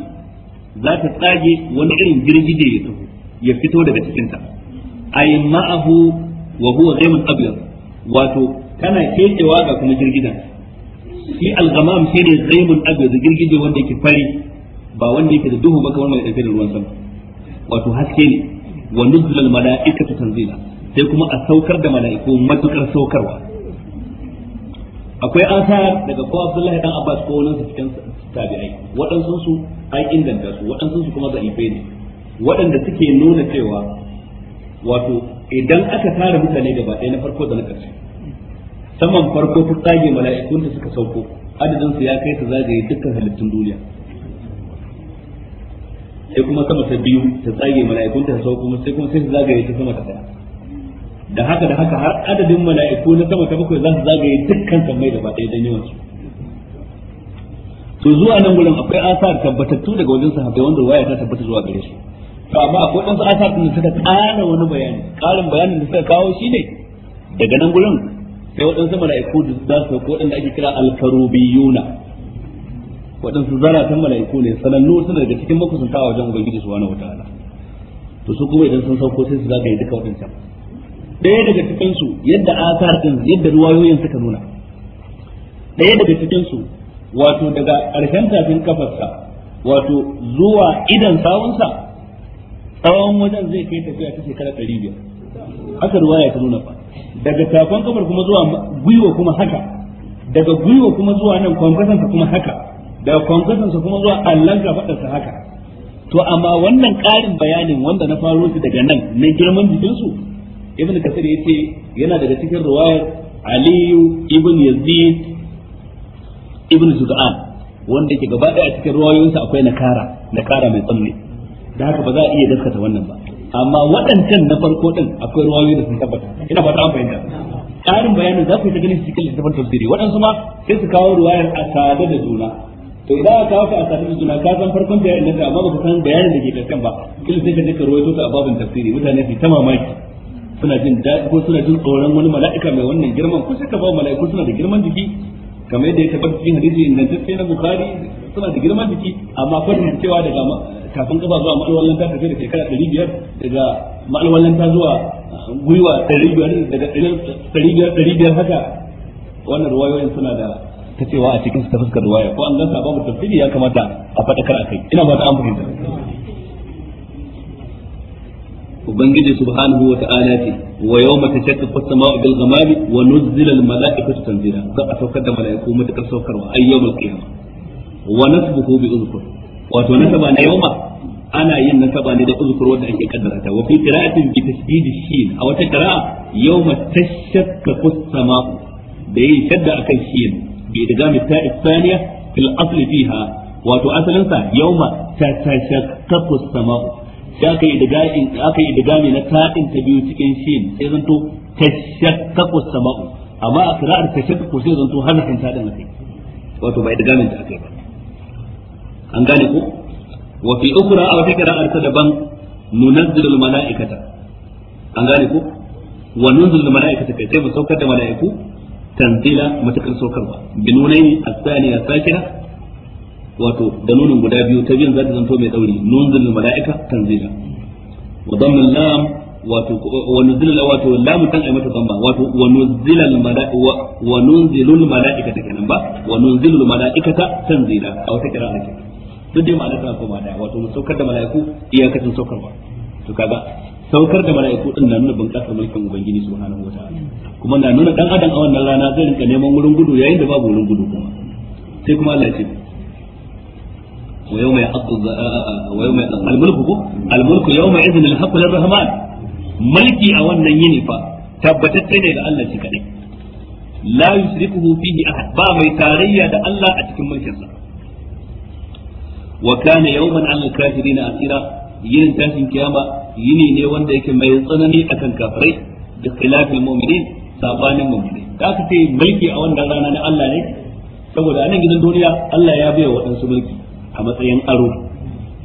A: za ta tsage wani irin girgije ya taho ya fito daga cikin ta ai ma'ahu wa huwa ghaymun abyad wato kana kecewa ga kuma girgidan shi al-ghamam shine ghaymun abyad girgije wanda yake fari ba wanda yake da duhu ba kamar mai ɗauke da ruwan sama wato haske ne wa nuzulul mala'ikatu tanzila sai kuma a saukar da mala'iku matukar saukarwa akwai asar daga ko Abdullahi dan Abbas ko wani cikin tabi'ai waɗansu su an inganta su waɗansu su kuma zaifai ne waɗanda suke nuna cewa wato idan aka tara mutane gaba ɗaya na farko da na ƙarshe saman farko ta tsage mala'ikun da suka sauko adadin su ya kai ta zagaye dukkan halittun duniya sai kuma sama ta biyu ta tsage mala'ikun ta sau kuma sai kuma sai su zagaye ta sama ta daya da haka da haka har adadin mala'iku na sama ta bakwai za su zagaye dukkan sammai ba ɗaya don yawan su to zuwa nan gurin akwai asar tabbatattu daga wajen sahabbai wanda waya ta tabbata zuwa gare shi to amma akwai wasu asar da suka ƙara wani bayani ƙarin bayanin da suka kawo shi ne daga nan gurin sai waɗansu mala'iku da za su sauko waɗanda ake kira alkarubiyuna waɗansu zaratan mala'iku ne sanannu suna daga cikin makusanta a wajen ubangiji wata wataala to su kuma idan sun sauko sai su zagaye duka waɗancan ɗaya daga cikin su yadda asar din yadda ruwayoyin suka nuna ɗaya daga cikin su wato daga ƙarshen tafin kafarsa wato zuwa idan sawunsa tsawon wajen zai kai tafiya ta shekara ɗari biyar haka ruwaya ta nuna fa daga tafin kafar kuma zuwa gwiwa kuma haka daga gwiwa kuma zuwa nan kwamfasanta kuma haka da kwankwasansa kuma zuwa allon sa haka to amma wannan ƙarin bayanin wanda na faro shi daga nan na girman jikinsu ibn kasir ya ce yana daga cikin ruwayar aliyu ibn yazid ibn zuda'an wanda ke gaba a cikin ruwayoyinsa akwai na kara mai tsamne da haka ba za a iya gaskata wannan ba amma waɗancan na farko ɗin akwai ruwayoyi da sun tabbata ina fata an fahimta ƙarin bayanin za ku yi ta ganin cikin littafin tafsiri waɗansu ma sai su kawo ruwayar a tare da juna to idan aka haka a sami suna ka san farkon bayanin da amma ba san bayanin da ke karshen ba kila sai ka je ka rawaito ta a babin tafsiri mutane su ta mamaki suna jin daɗi ko suna jin tsoron wani mala'ika mai wannan girman ko shaka ba mala'iku suna da girman jiki kamar yadda ya tabbata cikin hadisi ingantacce na bukari suna da girman jiki amma fadin cewa daga kafin kafa zuwa ma'alwalan ta tafi da shekara ɗari biyar daga ma'alwalan ta zuwa ah, gwiwa ɗari biyar daga ɗari biyar haka wannan ruwayoyin suna da ta cewa a cikin ta fuskar waya ko an gansa babu tafsiri ya kamata a faɗakar a kai ina ba ta an fahimta ubangiji subhanahu wa ta'ala ce wa yawma tashaqqaqu as-sama'u bil ghamami wa nuzzila al mala'ikatu tanzila za a saukar da mala'iku mutakar saukarwa ayyamul qiyamah wa nasbuhu bi uzkur wato nasaba na yawma ana yin nasaba ne da uzkur wanda ake kaddara ta wa fi qira'atin bi tashdid shin a wata qira'a yawma tashaqqaqu as-sama'u da yin shadda akan shin بإدغام التاء الثانية ta الأصل فيها وتؤثر يوم تتشقق السماء aka yi na ta'in ta biyu cikin shin sai zanto tashaqqaqu samau amma a qira'ar sai zanto harfin ta din akai wato ba idgamin ta akai ba an gane ko wa fi ukhra aw ta qira'ar ta daban nunazzilu mala'ikata an gane ko wa nunzilu mala'ikata kai sai mu saukar da mala'iku tanzila matakar saukarwa binunaini as-saniya sakina wato da nunin guda biyu ta biyan zata zanto mai dauri nun zil malaika tanzila wa dhammul lam wato wa nuzila wato lam tan ai mata dhamma wato wa nuzila al malaika wa nunzilul malaika take kenan ba wa nunzilul malaikata tanzila a wata kira'a ke duk dai ma'ana tana koma da wato mu saukar da malaiku iyakacin saukarwa to kaga saukar da mala'iku din na nuna bunƙasar mulkin ubangiji subhanahu wataala kuma na nuna dan adam a wannan rana zai rinka neman wurin gudu yayin da babu wurin gudu kuma sai kuma Allah ya ce wa yawma yaqdu wa yawma al-mulku ko al-mulku yawma idhin al-haqqu lir-rahman mulki a wannan yini fa tabbatacce ne ga Allah shi kadai la yusrikuhu fihi ahad ba mai tarayya da Allah a cikin mulkin mulkinsa wa kana yawman 'ala al-kafirin asira yin tashin kiyama yini ne wanda yake mai tsanani akan kafirai da khilafin mu'minin sabanin mu'minin da aka ce mulki a wannan rana na Allah ne saboda anan gidan duniya Allah ya bayar wa waɗansu mulki a matsayin aro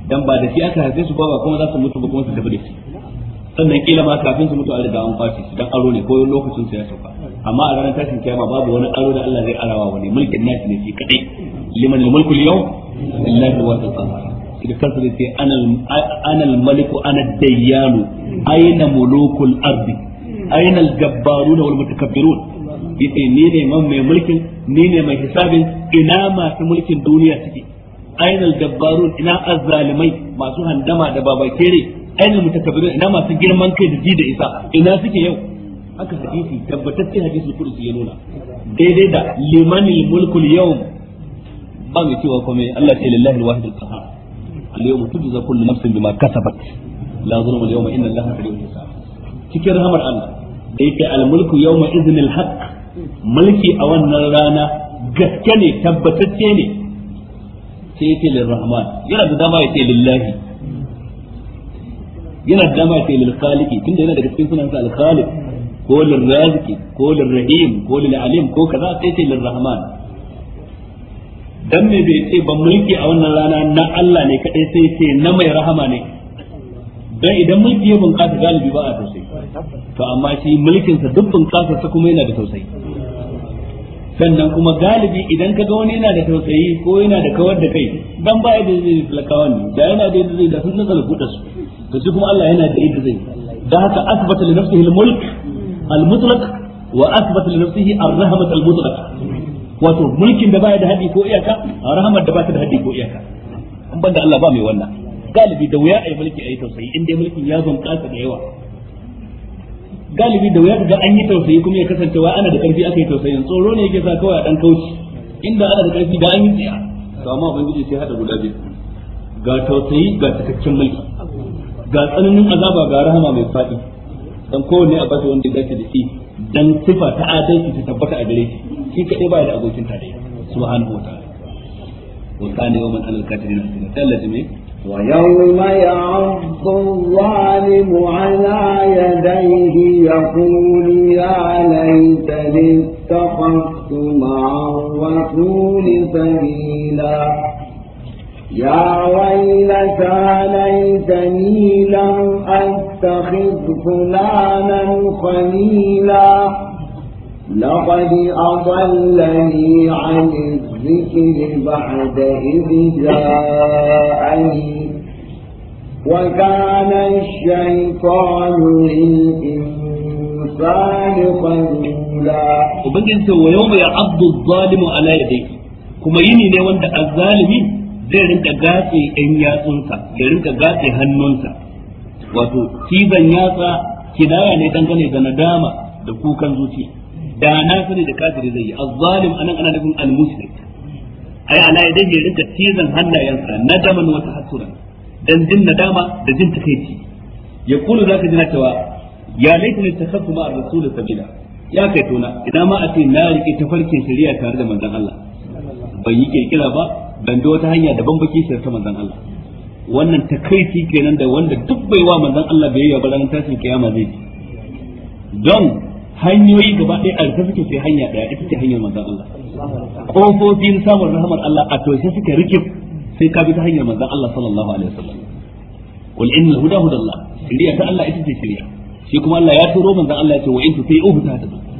A: dan ba da shi aka haife su ba kuma za su mutu ba kuma su tafi da shi sannan kila ma kafin su mutu a riga an kwace su dan aro ne ko lokacin su ya sauka amma a ranar tashin kiyama babu wani aro da Allah zai arawa wani mulkin nashi ne shi kadai liman al-mulku al-yawm lillahi wa ta'ala da kansa zai ce anal maliku ana dayyanu aina mulukul ardi aina al-gabbaruna wal mutakabbirun yace ni ne man mai mulkin ni ne mai hisabin ina masu mulkin duniya suke aina al-gabbarun ina azzalimai masu handama da babakere aina mutakabbirun ina masu girman kai da ji da isa ina suke yau haka hadisi tabbataccen hadisi kursi ya nuna daidai da limanil mulkul yawm ba mu cewa komai Allah ce lillahi alwahid alqahar al-yawma tujza kullu nafsin bima kasabat cikin rahamar Allah da yake al-mulku mulki a wannan rana gaske ne tabbatacce ne sai yake lirrahman yana da dama yake lillahi yana da dama lil khaliqi tunda yana daga cikin sunansa al khaliq ko lil raziqi ko lil rahim ko lil alim ko kaza sai yake lirrahman dan me bai ce ban mulki a wannan rana na Allah ne kadai sai ce na mai rahama ne dan idan mulki ya bunƙasa galibi ba a tausayi to amma shi mulkin sa duk bunƙasa sa kuma yana da tausayi sannan kuma galibi idan ka ga wani yana da tausayi ko yana da kawar da kai dan ba yadda zai talakawa ne da yana da zai da sun nazar kuɗa su to shi kuma Allah yana da yadda zai da haka asbata li nafsihi al-mulk al-mutlaq wa asbata li nafsihi ar-rahmat al-mutlaq wato mulkin da baya da haɗi ko iyaka rahamar da ba ta da haɗi ko iyaka an banda Allah ba mai wannan galibi da wuya a yi mulki a yi tausayi inda mulkin ya bunƙasa da yawa galibi da wuya ga an yi tausayi kuma ya kasance wa ana da ƙarfi aka yi tausayin tsoro ne yake sa kawai a ɗan kauci inda ana da karfi da an yi tsaya to amma ubangiji sai hada guda biyu ga tausayi ga cikakken mulki ga tsananin azaba ga rahama mai faɗi dan kowanne a basu wanda ya dace da shi dan sifa ta adalci ta tabbata a gare shi shi kadai ba da abokin tarayya subhanahu wa ta'ala wa kana yawman al-kafirin sallallahu alaihi ويوم
B: يعض الظالم على يديه يقول يا ليتني اتخذت مع الرسول sabila? يا ويلتى ليتني لم أتخذ فلانا خليلا لقد أضلني عن الذكر بعد إذ جاءني وكان الشيطان للإنسان
A: خذولا وبنجد ويوم يعض الظالم على يديه كما يني ne wanda azzalimi zai rinka gatse ɗan yatsunsa da rinka gatse hannunsa wato cizon yatsa kidaya ne dangane da nadama da kukan zuciya da na sani da kafiri zai yi azzalim anan ana nufin almuslim ai ana idan ya rinka cizon hannayensa nadaman wata hasuran dan jin nadama da jin takeici ya kulu zaka ji na cewa ya laifin ne ta ma ma'ar rasulun sabila ya kai tona idan ma a ce na rike tafarkin shari'a tare da manzan Allah ban yi kirkira ba ban bi wata hanya daban ba kishiyar ta manzan Allah wannan takaiti kenan da wanda duk bai wa manzan Allah bai yaba ranar tashin kiyama zai ji don hanyoyi gaba ɗaya a rufe suke sai hanya ɗaya ita ce hanyar manzan Allah kofofin samun rahamar Allah a toshe suke rikif sai ka bi ta hanyar manzan Allah sallallahu alaihi wasallam qul innal huda hudallah shiriya ta Allah ita ce shiriya, shi kuma Allah ya turo manzan Allah ya ce wa in tuti'uhu ta.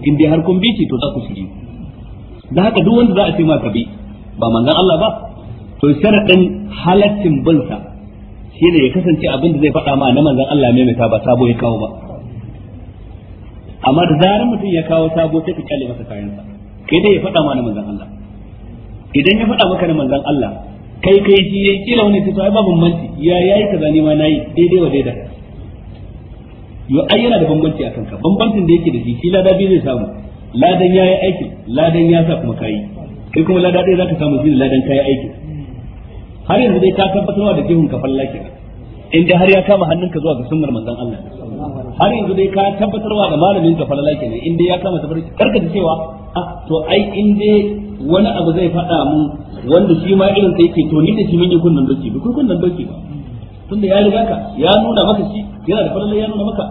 A: in dai har kun bi ce to za ku shiri da haka duk wanda za a ce ma ka bi ba manzan Allah ba to sharadin halaccin bulsa shi ne ya kasance abin da zai faɗa ma na manzon Allah mai mata ba sabo ya kawo ba amma da zarar mutum ya kawo sabo sai ka kyale masa kayan sa kai dai ya faɗa ma na manzon Allah idan ya faɗa maka na manzon Allah kai kai shi yayi kila wani sai to ai babu manti ya yayi kaza ni ma nayi daidai wa daidai yo ai yana da bambanci a kanka bambancin da yake da shi shi lada biyu zai samu ladan ya yi aikin ladan ya sa kuma kai kai kuma ladan ɗaya samu shi ladan kai aikin har yanzu dai ka tabbatarwa da jihun ka falla kenan in dai har ya kama hannunka zuwa ga sunnar manzon Allah har yanzu dai ka tabbatarwa da malamin ka falla kenan in dai ya kama tabbatar karka da cewa ah to ai in dai wani abu zai faɗa mu wanda shi ma irin sai yake to ni da shi mun yi kunnan doki ba kunnan doki ba tunda ya riga ka ya nuna maka shi yana da falla ya nuna maka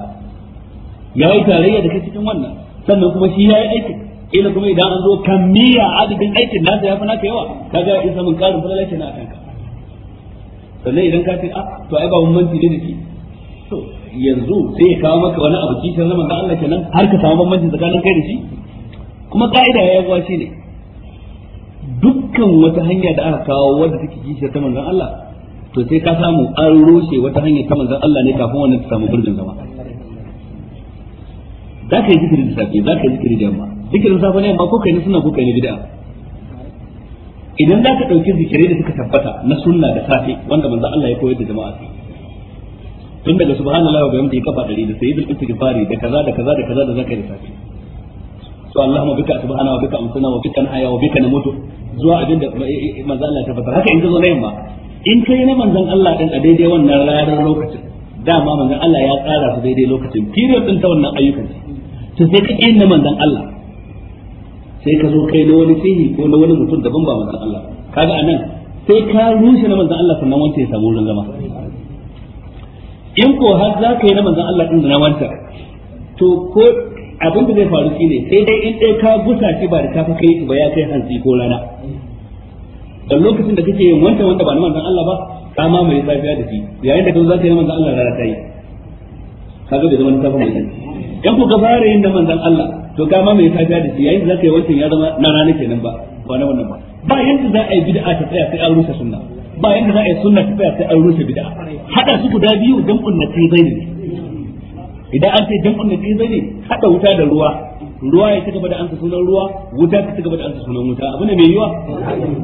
A: ya yi tarayya da kai cikin wannan sannan kuma shi ya yi aikin ila kuma idan an zo kammiya adadin aikin nasa ya fi naka yawa kaga ya isa mun karin falla kenan a kanka sannan idan ka ce a ah, to ai ba mun manti da shi to yanzu sai ya kawo maka wani abu cikin zaman da Allah kenan har ka samu bambanci tsakanin kai da shi kuma ka'ida ya yawa shi ne dukkan wata hanya da aka kawo wadda take kishiyar ta manzon Allah to sai ka samu an rushe wata hanya ta manzon Allah ne kafin wannan ta samu burgin zama za ka yi zikiri da safe za ka yi zikiri da yamma zikirin safe ne yamma ko kai ne suna ko kai ne bid'a idan za ka ɗauki zikirai da suka tabbata na sunna da safe wanda manzo Allah ya koyar da jama'a su tun daga subhanallahi wa bihamdihi kafa dari da sayyidul istighfari da kaza da kaza da kaza da zaka da safe to Allahumma bika subhana wa bika amsana wa bika haya wa bika namutu zuwa abin da eh, eh, manzo Allah ya tabbata haka in ka zo na yamma in kai na manzon Allah din a daidai wannan ranar lokacin dama manzon Allah ya tsara su daidai lokacin period din ta wannan ayyukan to sai ka na manzon Allah sai ka zo kai na wani sihi ko na wani mutum daban ba manzon Allah kaga anan sai ka rushe na manzon Allah sannan wanda ya samu wurin zama in ko har za ka yi na manzon Allah din na wanda to ko abin da zai faru shine sai dai in dai ka gusa shi ba da ka kai shi ba ya kai hanzi ko rana Dan lokacin da kake yin wanda wanda ba na manzon Allah ba ka mai safiya da shi yayin da ka za ka yi na manzon Allah rana ta yi kaga da zaman ta fa mai in kuka fara yin da manzon Allah to kama mai tafiya da shi yayin da zaka yi wancan ya zama na rana kenan ba ba na wannan ba ba yanda za a yi bid'a ta tsaya sai an rusa sunna ba yanda za a yi sunna ta tsaya sai an rusa bid'a hada su guda biyu dan kunna kai zai ne idan an ce dan kunna kai zai ne hada wuta da ruwa ruwa ya cigaba da ansa sunan ruwa wuta ta cigaba da ansa sunan wuta abu ne mai yiwa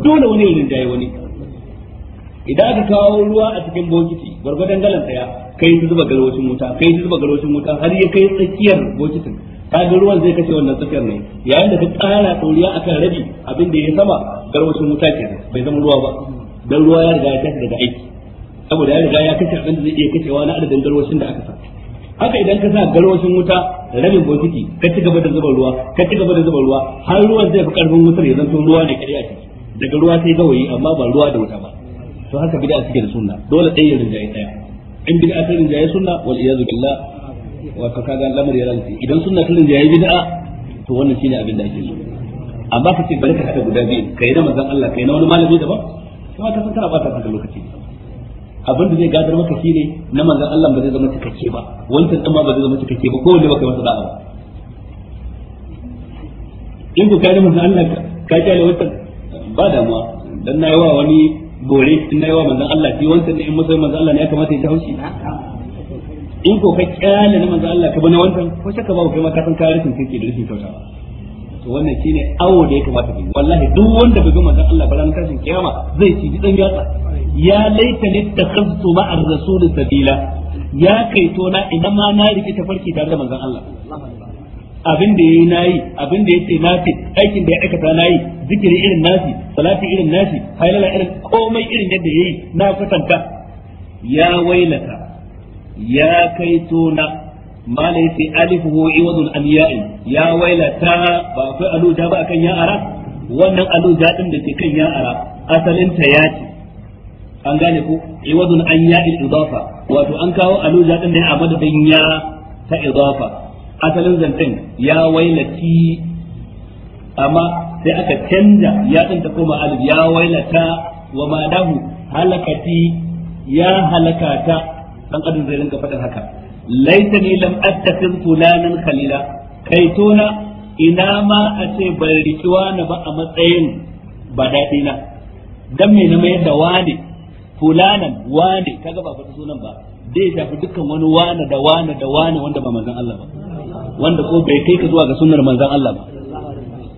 A: dole wani ya rinjaye wani idan aka kawo ruwa a cikin bokiti gwargwadon galan tsaya kai su zuba garwacin wuta kai su zuba garwacin wuta har ya kai tsakiyar bokitin kaga ruwan zai kashe wannan tsakiyar ne yayin da ka tsara ɗoriya akan rabi abin da ya sama garwacin wuta ke bai zama ruwa ba dan ruwa ya riga ya tashi daga aiki saboda ya riga ya kashe abin da zai iya kashewa na adadin garwacin da aka sa haka idan ka sa garwacin wuta rabin bokiti ka ci gaba da zuba ruwa ka ci gaba da zuba ruwa har ruwan zai fi karfin wutar ya zanto ruwa ne kadai a ciki daga ruwa sai gawayi amma ba ruwa da wuta ba to haka bid'a suke da sunna dole ɗaya ya rinjaye ɗaya in bid'a ta rinjaye sunna wal iyazu billah wato kaga lamar ya idan bid'a to wannan shine abin da ake amma kace bari ka haka guda biyu kai da manzon Allah kai na wani malami daban kuma ka san kana lokaci abin da zai gadar maka shine na manzon Allah ba zai zama cikakke ba wancan ma ba zai zama cikakke ba masa in ku kai manzon Allah ka kai da wancan ba damuwa dan nayi wa wani gore in na yawa manzan Allah shi wancan ne in masa manzan Allah ne ya kamata ya haushi. in ko ka kyale na manzan Allah ka bana wancan ko shakka ba kai ma ka san karifin rashin kake da rashin kyauta to wannan shine awo da ya kamata ka yi wallahi duk wanda bai ga manzan Allah ba ran tashin kiyama zai ci dan yatsa ya laita littakhaztu ma'ar rasul sabila ya kaito na idan ma na rike tafarki tare da manzon Allah abin da yayi nayi abin da yace nafi aikin da ya aikata nayi zikiri irin nafi salati irin nafi halala irin komai irin yadda yayi na kwatanta ya wailata ya kai tona mala yace alif huwa iwadul an ya wailata ba akwai aluja ba akan ya ara wannan aluja din da ke kan ya ara asalin ta ya ce an gane ko iwadul an idafa wato an kawo aluja din da ya amada bin ya ta idafa asalin zancen ya wailati amma sai aka canza ya din ta koma alif ya wailata wa madahu halakati ya halakata dan adam zai rinka faɗin haka laitani lam attakhidh fulanan khalila kai kaitona ina ma a ce ban rikiwa na ba a matsayin ba daɗi na dan me na mai da wane fulanan wane kaga ba faɗi sunan ba zai shafi dukkan wani wane da wane da wane wanda ba manzon Allah ba wanda ko bai kai ka zuwa ga sunnar manzon Allah ba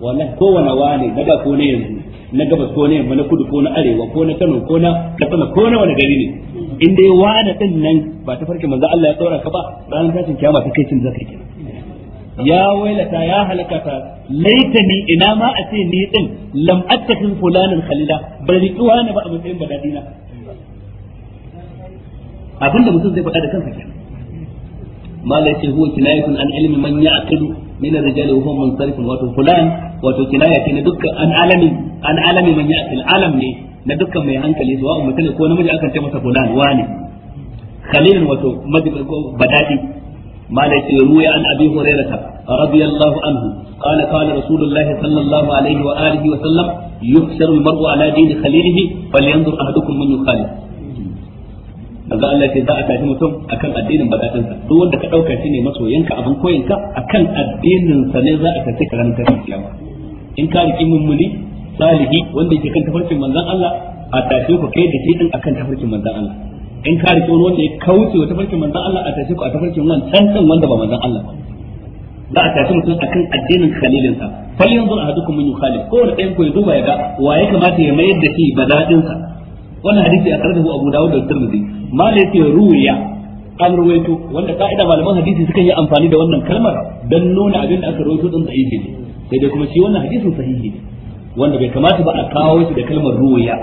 A: wannan kowane wani daga ko ne yanzu na gabas ko ne yamma na kudu ko na arewa ko na Kano ko na Katsina ko na wani gari ne in dai wani din nan ba ta farke manzon Allah ya tsora ka ba ranar tashin kiyama ta kai cin zaka
C: kenan
A: ya wailata ya ta laita ni ina ma a ce ni din lam attakin fulanin khalila bar ni tuwa ba a matsayin badadina abinda mutum zai faɗa da kansa kenan ma la yace huwa an ilmi man ya'qilu min ar-rijal wa huwa munsarifun wato fulan wato kinaya ce na an alami an alami man ya'qil alam ne na dukkan mai hankali zuwa mutum ko namiji akan ce masa fulan wani khalilun wato madin ko badadi ما ليس روي عن ابي هريره رضي الله عنه قال قال رسول الله صلى الله عليه واله وسلم يحشر المرء على دين خليله فلينظر احدكم من يخالف manzo Allah ce za a tafi mutum akan addinin bakatun sa duk wanda ka dauka shine masoyinka abin koyinka akan addinin sa ne za a tafi karan ta kiyama in ka riki mummuni salihi wanda yake kan tafarkin manzon Allah a tafi ku kai da shi din akan tafarkin manzon Allah in ka riki wani wanda ya kauce wa tafarkin manzon Allah a tafi ku a tafarkin wancan din wanda ba manzon Allah ba za a tafi mutum akan addinin khalilin sa fal yanzu ahadukum min yukhalil ko da ɗayan ku ya duba ya ga wa ya kamata ya mayar da shi ba badadin sa wannan hadisi a karfafa Abu Dawud da Tirmidhi ma da yake ruwiya an ruwaito wanda ka'ida malaman hadisi sukan yi amfani da wannan kalmar da nuna abin da aka ruwaito din sahihi ne sai dai kuma shi wannan hadisin sahihi ne wanda bai kamata ba a kawo shi da kalmar ruwiya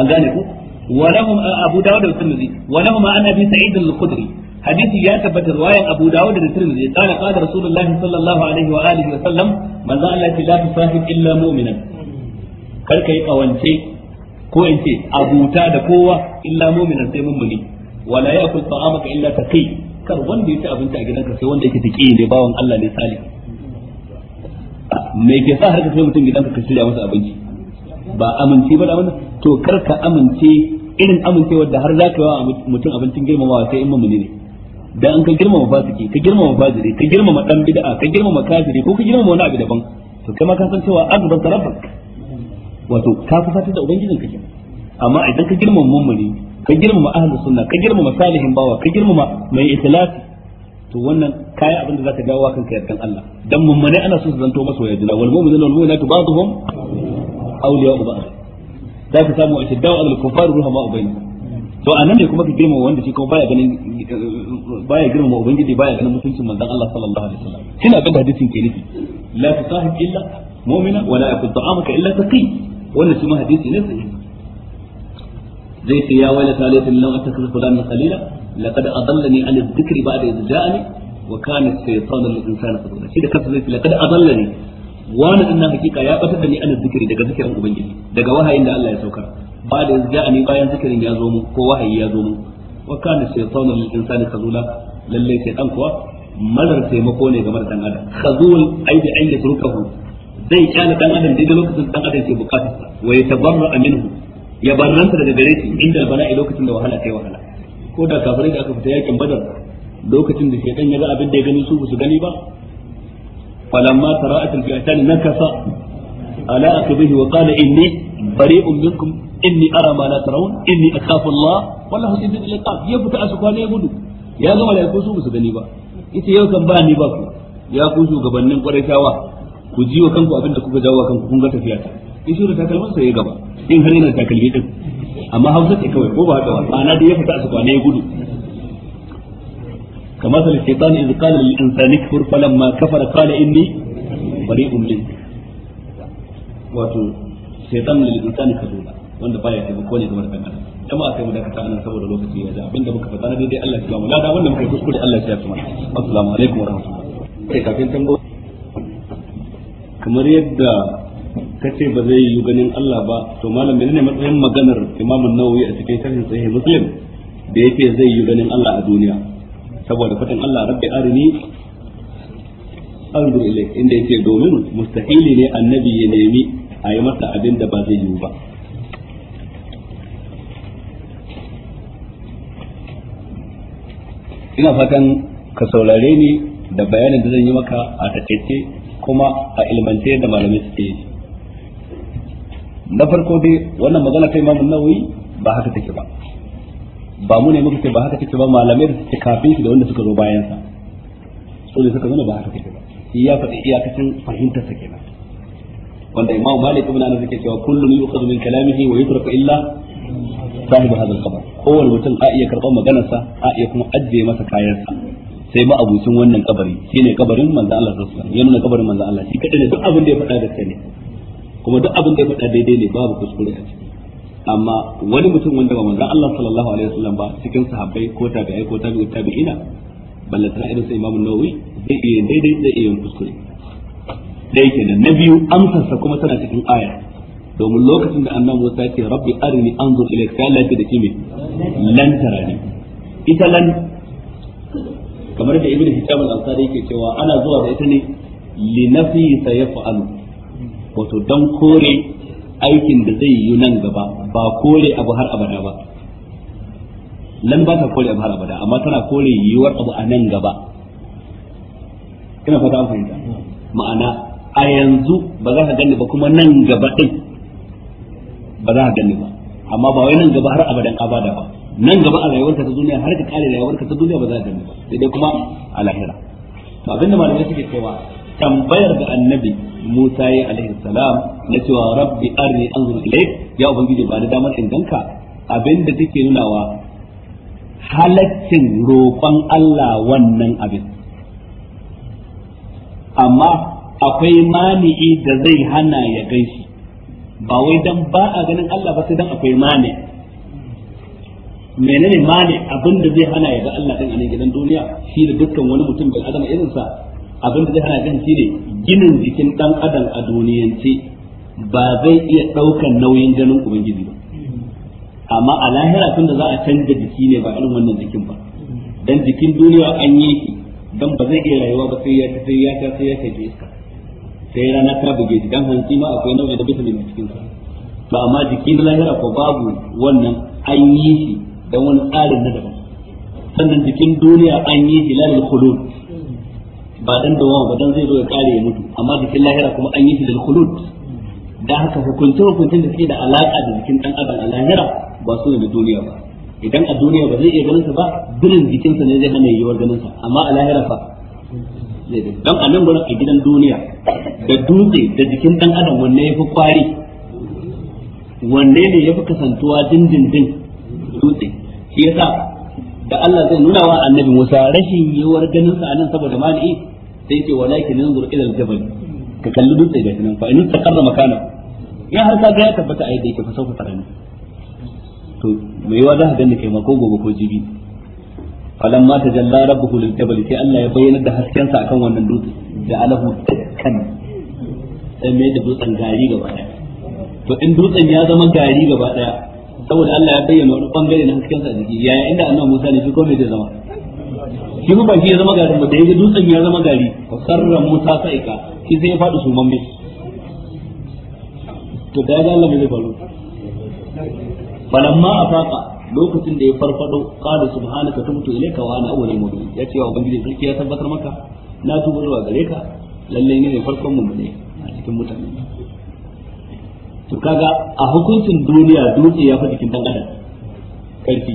A: an gane ku ولهم أبو داود الترمذي ولهما عن أبي سعيد الخدري حديث يا ثبت رواية أبو داود الترمذي قال قال رسول الله صلى الله عليه وآله وسلم من ذا التي لا تصاحب إلا مؤمنا كركي ko in ce abuta da kowa illa mu'minan sai mummuni wala ya'kul ta'amaka illa taqi kar wanda ya ci abinci a gidanka sai wanda yake taqi ne bawan Allah ne salih me ke sa har ka kai mutum gidanka ka shirya masa abinci ba amince ba da wannan to kar ka amince irin amincewar da har za ka yi wa mutum abincin girmamawa sai in mummuni ne da an ka girmama fasiki ka girmama fajiri ka girmama dan bid'a ka girmama kafiri ko ka girmama wani abu daban to kai ma ka san cewa azbar rabbak wato ka fusatar da ubangijin ka kenan amma idan ka girmama mummuni ka girmama ahlus sunna ka girmama salihin bawa ka girmama mai ikhlasi to wannan kai abin da zaka dawo kanka yarkan Allah dan mummune ana so su zanto masoya juna wal mu'minuna wal mu'minatu ba'dhum awliya'u ba'd za ka samu a shiddawa al kuffar ruhama bainahum to anan ne kuma ka girmama wanda shi kuma baya ganin baya girma ubangiji baya ganin mutuncin manzon Allah sallallahu alaihi wasallam kina abin da hadisin ke nufi la tusahib illa mu'mina wa la yakun ta'amaka illa taqi wannan shi ma hadisi ne sahihi zai ce ya wala salatu lam attakhidhu fulanan qalila laqad adallani an adh-dhikri ba'da idh ja'ani wa kana shaytanu lil insani qadura shi da kansa zai ce laqad adallani wani dinnan hakika ya batar da ni an adh-dhikri daga zikirin ubangiji daga wahayin da Allah ya saukar. ba'da idh ja'ani bayan zikirin ya zo mu ko wahayi ya zo mu wa kana shaytanu lil insani qadura lalle shaytan kuwa marar taimako ne game da dan adam khazul ai bi an yatrukahu zai kyana dan adam daidai lokacin dan adam ke bukatar sa wa yatabarra minhu ya barranta daga gare shi inda bala'i lokacin da wahala kai wahala ko da kafirai da aka fita yakin badar lokacin da shedan ya ga abin da ya gani su su gani ba falamma tara'atul fi'atan nakasa ala akbihi wa qala inni bari'un minkum inni ara ma la tarawun inni akhafu Allah wallahu shadidul iqab ya fita asukwa ne gudu ya ga malaiku su su gani ba ita yau kan ba ni ba ku ya ku shugabannin ƙwarai ku ji wa kanku abinda kuka jawo kanku kun ga tafiya ta isu da takalman sai ya gaba in har yana takalmi din amma hausa ce kawai ko ba haka ba ana da ya fita a sukwane ya gudu kamar كما مثل الشيطان إذ قال للإنسان اكفر فلما كفر قال إني بريء منك واتو شيطان للإنسان kadula wanda baya ko ne kamar da kankan jama'a sai mu ta anan saboda lokaci ya ji abinda muka faɗa na daidai Allah ya ba mu da wanda muka yi kuskure Allah ya shafi mana assalamu alaikum wa rahmatullahi sai kafin kamar yadda ka ce ba zai yi ganin Allah ba to malam menene matsayin maganar imamun Nawawi a cikin sharhin Sahih Muslim da yake zai yi ganin Allah a duniya saboda fatan Allah rabbi arini anzur ilayk inda yake domin mustahili ne annabi ya nemi a yi masa abin da ba zai yi ba ina fatan ka saurare ni da bayanin da zan yi maka a takaice kuma a ilmance da malamai su ke na farko dai wannan magana ta imamun nawawi ba haka take ba ba mu ne muka ce ba haka take ba malamai da suke kafin shi da wanda suka zo bayan sa so ne suka nuna ba haka take ba shi ya faɗi iyakacin fahimtar sa kenan wanda imamu malik ibn anas yake cewa kullun yu'khadhu min kalamihi wa yutraku illa sahibu hadha al-qabr kowane mutum a iya karɓar maganarsa a iya kuma ajiye masa kayansa sai ma abucin wannan kabari ne kabarin manzan Allah sallallahu alaihi wasallam ya nuna kabarin manzan Allah shi kadai duk abin da ya faɗa ta ne kuma duk abin da ya faɗa daidai ne babu kuskure a ciki amma wani mutum wanda ba manzan Allah sallallahu alaihi wasallam ba cikin sahabbai ko tabi'ai ko tabi'ut tabi'ina balla ta irin sai imamu Nawawi zai iya daidai zai iya kuskure dai kenan na biyu amsarsa kuma tana cikin aya domin lokacin da annabi Musa ya ce rabbi arini anzur ilayka sai Allah da kimi lan tarani ita lan kamar da ibnu hisham al-ansari yake cewa ana zuwa da ita ne li nafi sayfa'al wato dan kore aikin da zai yi nan gaba ba kore abu har abada ba lan ba ta kore abu har abada amma tana kore yiwuwar abu a nan gaba ina fata an fahimta ma'ana a yanzu ba za ka gani ba kuma nan gaba din ba za ka gani ba amma ba wai nan gaba har abadan abada ba nan gaba a rayuwarka ta duniya har ka kare rayuwarka ta duniya ba za ka gani ba sai dai kuma a lahira to abinda malamai suke cewa tambayar da annabi Musa ya alaihi salam na cewa rabbi arni anzur ilayk ya ubangiji ba da damar in ganka abinda take nunawa halaccin roƙon Allah wannan abin amma akwai mani'i da zai hana ya gaishi ba wai dan ba a ganin Allah ba sai dan akwai mani'i menene mani abin da zai hana ya ga Allah kan a gidan duniya shi da dukkan wani mutum bil adama irin sa abin da zai hana gan shine ginin jikin dan adam a duniyance ba zai iya daukan nauyin ganin ubangiji ba amma a lahira tun da za a canza jiki ne ba irin wannan jikin ba dan jikin duniya an yi shi dan ba zai iya rayuwa ba sai ya ta sai ya ta sai ya kai iska sai rana ta buge shi dan hanci ma akwai nauyi da bisa ne cikin sa to amma jikin lahira ko babu wannan an yi shi dan wani tsarin na daban sannan jikin duniya an yi hilalul khulud ba dan da ba dan zai zo ya kare ya mutu amma jikin lahira kuma an yi hilalul khulud da haka hukunce hukuncin da suke da alaka da jikin dan adam a lahira ba su ne da duniya ba idan a duniya ba zai iya ganin sa ba birin jikinsa ne zai hana yiwuwar ganin sa amma a lahira fa zai ga dan a nan gurin a gidan duniya da dutse da jikin dan adam wanne ya fi kwari wanne ne ya fi kasantuwa dindindin dutse yasa da Allah zai nuna wa annabi Musa rashin yiwuwar ganin sa anan saboda mani sai ce walakin yanzur ila al-jabal ka kalli dutse da nan fa in taqarra makana ya har ka ga ya tabbata ai da yake fa sauka ka tarani to me yiwa za ka ganni kai ma ko gobe ko jibi falamma tajalla rabbuhu lil-jabal sai Allah ya bayyana da hasken sa akan wannan dutse da alahu kan sai mai da dutsen gari gaba daya to in dutsen ya zama gari gaba daya saboda Allah ya bayyana wani bangare na hasken sa jiki yaya inda annabi Musa ne shi ko me zai zama
C: shi ba shi ya zama garin
A: ba da yake dutsen ya zama gari sarra Musa sa'ika shi sai ya faɗi su mambe to da ga Allah
C: bai ma a faɗa
A: lokacin da ya farfado qala subhanaka tumtu ilayka wa ana awwalul mu'minin yace wa ubangiji sarki ya tabbatar maka na tubu zuwa gare ka lalle ne ne farkon mu ne a cikin mutane to kaga a hukuncin duniya dutse ya fi jikin dan adam karfi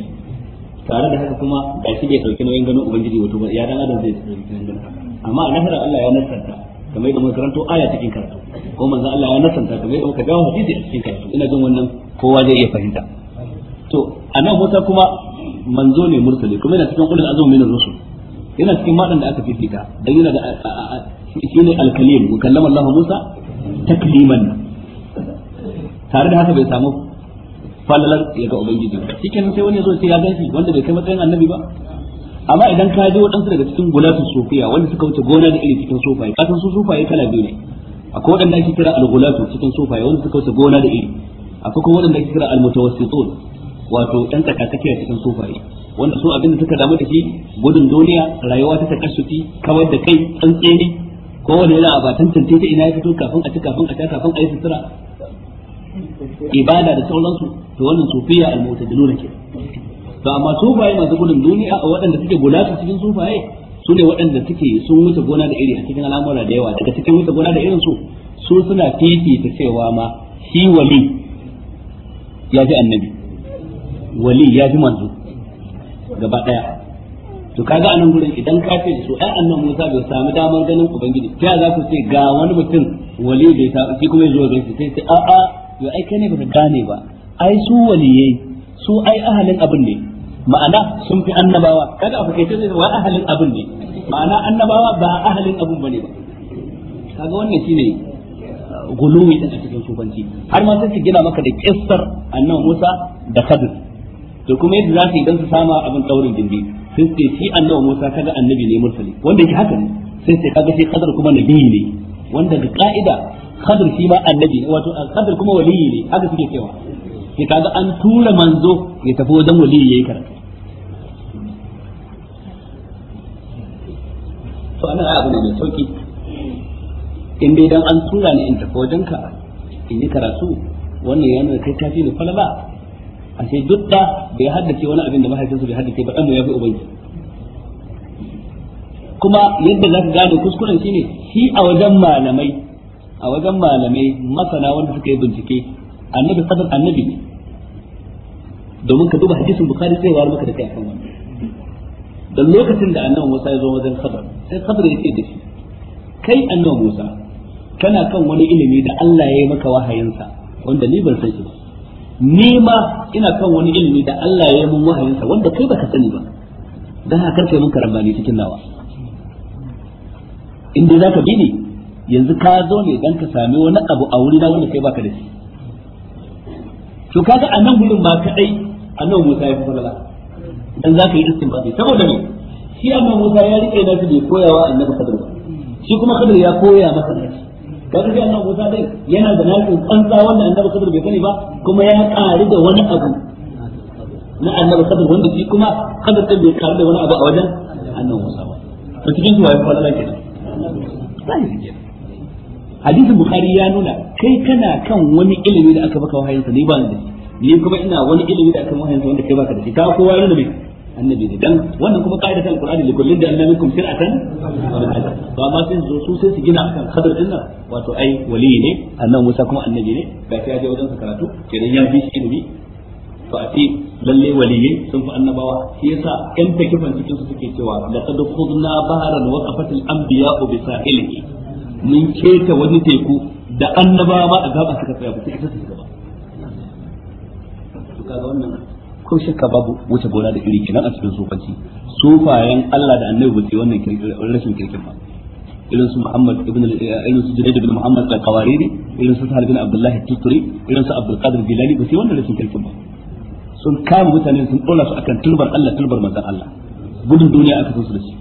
A: tare da haka kuma ga shi bai sauki nauyin ganin ubangiji wato ya dan adam zai dauki nauyin ganin amma a nasara Allah ya nasanta kamar yadda mun karanto aya cikin karatu ko manzo Allah ya nasanta kamar yadda muka dawo hadisi a cikin karatu ina jin wannan kowa zai iya fahimta to anan mota kuma manzo ne mursali kuma yana cikin ulul azumi min rusul yana cikin madan da aka fifita dan yana da shine al-kalim mukallama Allah Musa takliman tare da haka bai samu fallalar ya ga ubangiji ba cikin sai wani ya zo sai ya gashi wanda bai kai matsayin annabi ba amma idan ka ji waɗansu daga cikin gulatun sufiya wanda suka wuce gona da iri cikin sufaye kasan su sufaye kala biyu ne akwai waɗanda ake kira al-gulatu cikin sufaye wanda suka wuce gona da iri akwai kuma waɗanda ake kira al-mutawassitun wato ɗan tsakatsakiya cikin sufaye wanda su abinda suka damu da shi gudun duniya rayuwa ta takassufi kawai da kai tsantseni kowane yana a batan cancanta ina ya fito kafin a ci kafin a sha kafin a yi sutura ibada da sauransu to wannan sufiya al-mu'tadiluna ke to amma sufaye masu gudun duniya a waɗanda suke gulatu cikin sufaye su ne waɗanda suke sun wuce gona da iri a cikin al'amura da yawa daga cikin wuce gona da irin su su suna fifita cewa ma shi wali ya ji annabi wali ya ji manzo gaba ɗaya to kaga anan gurin idan ka ce su ai annabi Musa bai sami damar ganin ubangiji ta za ku ce ga wani mutum wali bai sa shi kuma ya zo ganin sai sai a'a yau ai kai ne baka gane ba ai su waliyai su ai ahalin abin ne ma'ana sun fi annabawa kaga a fakaice zai wa ahalin abin ne ma'ana annabawa ba ahalin abin bane ba kaga wannan shine gulumi da cikin sufanci har ma sai su gina maka da kissar annabi Musa da Khadir to kuma yadda za su idan su sama abin daurin dindi sai su shi annabi Musa kaga annabi ne mursali wanda yake haka ne sai sai kaga shi kadar kuma nabi ne wanda ga ka'ida Khadir shi ma annabi wato Khadir kuma waliyi ne haka suke cewa sai kaga an tura manzo ya tafi wajen waliyi yayi karatu to ana abu ne mai sauki in dai dan an tura ni in tafi wajen ka in yi karatu wannan ya nuna kai tafi ne falala a sai duk da bai haddace wani abin da mahaifinsa bai haddace ba dan ya fi ubangi kuma yadda za ka gane kuskuren shi ne, shi a wajen malamai a wajen malamai masana wanda suka yi bincike annabi sadar annabi ne domin ka duba hadisin bukhari sai wani maka da kai akan wannan da lokacin da annabi Musa ya zo wajen Khabar sai Khabar ya ce da shi kai annabi Musa kana kan wani ilimi da Allah ya yi maka wahayinsa wanda ni ban san shi ba ni ma ina kan wani ilimi da Allah ya yi min wahayinsa wanda kai baka sani ba dan haka kai mun karambani cikin nawa in dai zaka bi ni yanzu ka zo ne dan ka sami wani abu a wuri na wanda kai baka da shi to kaga a nan gurin ba kadai annabi Musa ya fara dan zaka yi istinbati saboda me shi amma Musa ya rike da bai koyawa annabi Khadir shi kuma Khadir ya koya masa da ka ga annabi Musa dai yana da nasu tsantsa wanda annabi Khadir bai kani ba kuma ya ƙari da wani abu na annabi Khadir wanda shi kuma Khadir din bai ƙari da wani abu a wajen annabi Musa ba to cikin su wai fara lafiya sai hadisin bukhari ya nuna kai kana kan wani ilimi da aka baka wahayin sa ni ba da shi ni kuma ina wani ilimi da aka wahayin sa wanda kai baka da shi ka kowa yana mai annabi ne dan wannan kuma qaida ta alqur'ani li kullin da annabikum shir'atan to amma sai zo su sai su gina akan qadar din nan wato ai wali ne annabi Musa kuma annabi ne da ya je wajen sa karatu kenan ya bi shi ilimi to a ce lalle waliyai sun fi annabawa shi yasa yan takifan cikin su suke cewa laqad khudna baharan wa qafat al-anbiya'u bi sahilihi mun keta wani teku da annaba ba a gaba suka tsaya ba sai ita suka ba to kaga wannan ko shakka babu wuce gona da iri kenan a cikin sufanci sufayen Allah da annabi ba su wannan rashin kirkin ba irin su Muhammad ibn eh, irin su Junayd ibn Muhammad al-Qawariri irin su Sahal bin Abdullah al-Tutri irin su Abdul Qadir Jilani ba su wannan rashin kirkin ba sun kama mutane sun dora su akan tulbar Allah tulbar manzon Allah gudun duniya aka so su da shi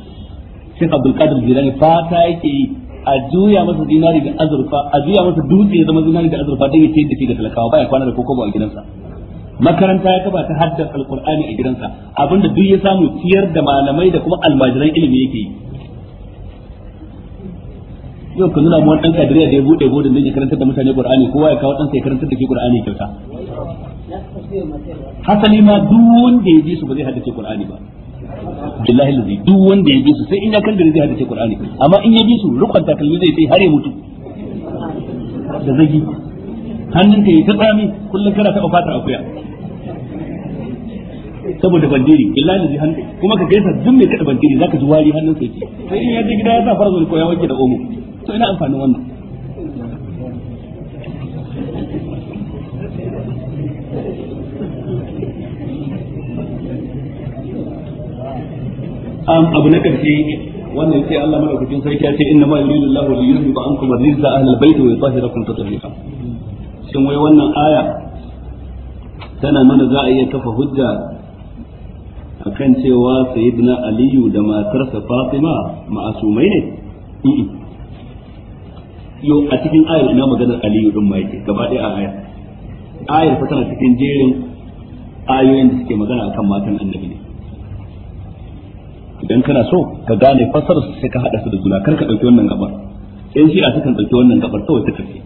A: Sheikh Abdul Qadir Jilani fata yake yi a juya masa dinari da azurfa a juya masa dutse ya zama dinari da azurfa dan ya ce da shi ga talakawa baya kwana da ba a gidansa makaranta ya kaba ta haddar alqur'ani a gidansa abinda duk ya samu ciyar da malamai da kuma almajiran ilimi yake yi yau ka nuna mu wani dan kadiriya da ya bude godin da ya karantar da mutane qur'ani kowa ya kawo dan sai karantar da ke qur'ani kyauta hasali ma duk wanda ya ji su ba zai haddace qur'ani ba billahi lazi duk wanda ya bi su sai in ya kangare zai hadace qur'ani amma in ya bi su rukun takalmi zai sai har ya mutu da zagi hannunka yi ta tsami kullum kana taɓa fatar akuya saboda bandiri billahi lazi hannu kuma ka gaisa duk mai kada bandiri zaka ji wari hannun sai sai in ya je gida ya sa farzul ko ya wanke da omo to ina amfanin wannan abu na karshe wannan sai Allah madaukakin sarki ya ce inna ma yuridu Allahu li yuzhiba ankum ar-rijsa ahlal bayt wa yutahhirakum tatheera shin wai wannan aya tana nuna za a iya kafa hujja akan cewa sayyidina aliyu da matarsa fatima ma'asumai ne yo a cikin ayar ina maganar aliyu din ma gaba ɗaya a ayar ayar fa tana cikin jerin ayoyin da suke magana akan matan annabi ne idan kana so ka gane fasarar su sai ka hada su da juna kar ka dauki wannan gabar in shi a sukan dauki wannan gabar kawai ta tafi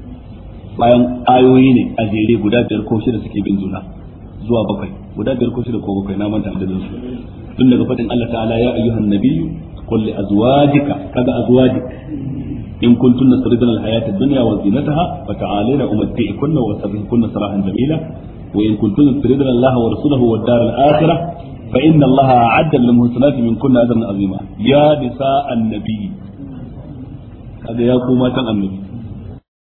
A: bayan ayoyi ne a jere guda biyar ko shida suke bin juna zuwa bakwai guda biyar ko shida ko bakwai na manta da su tun daga fadin Allah ta'ala ya ayyuhan nabiyyu qul li azwajika kaga azwajik in kuntunna turidna al-hayata ad-dunya wa zinataha fa ta'alina umatti'kunna wa sabbihkunna sarahan jamila wa in kuntunna turidna Allah wa rasulahu wad-dar al-akhirah fa inna Allah min kunna ajran azima ya nisa annabi kada ya matan
C: annabi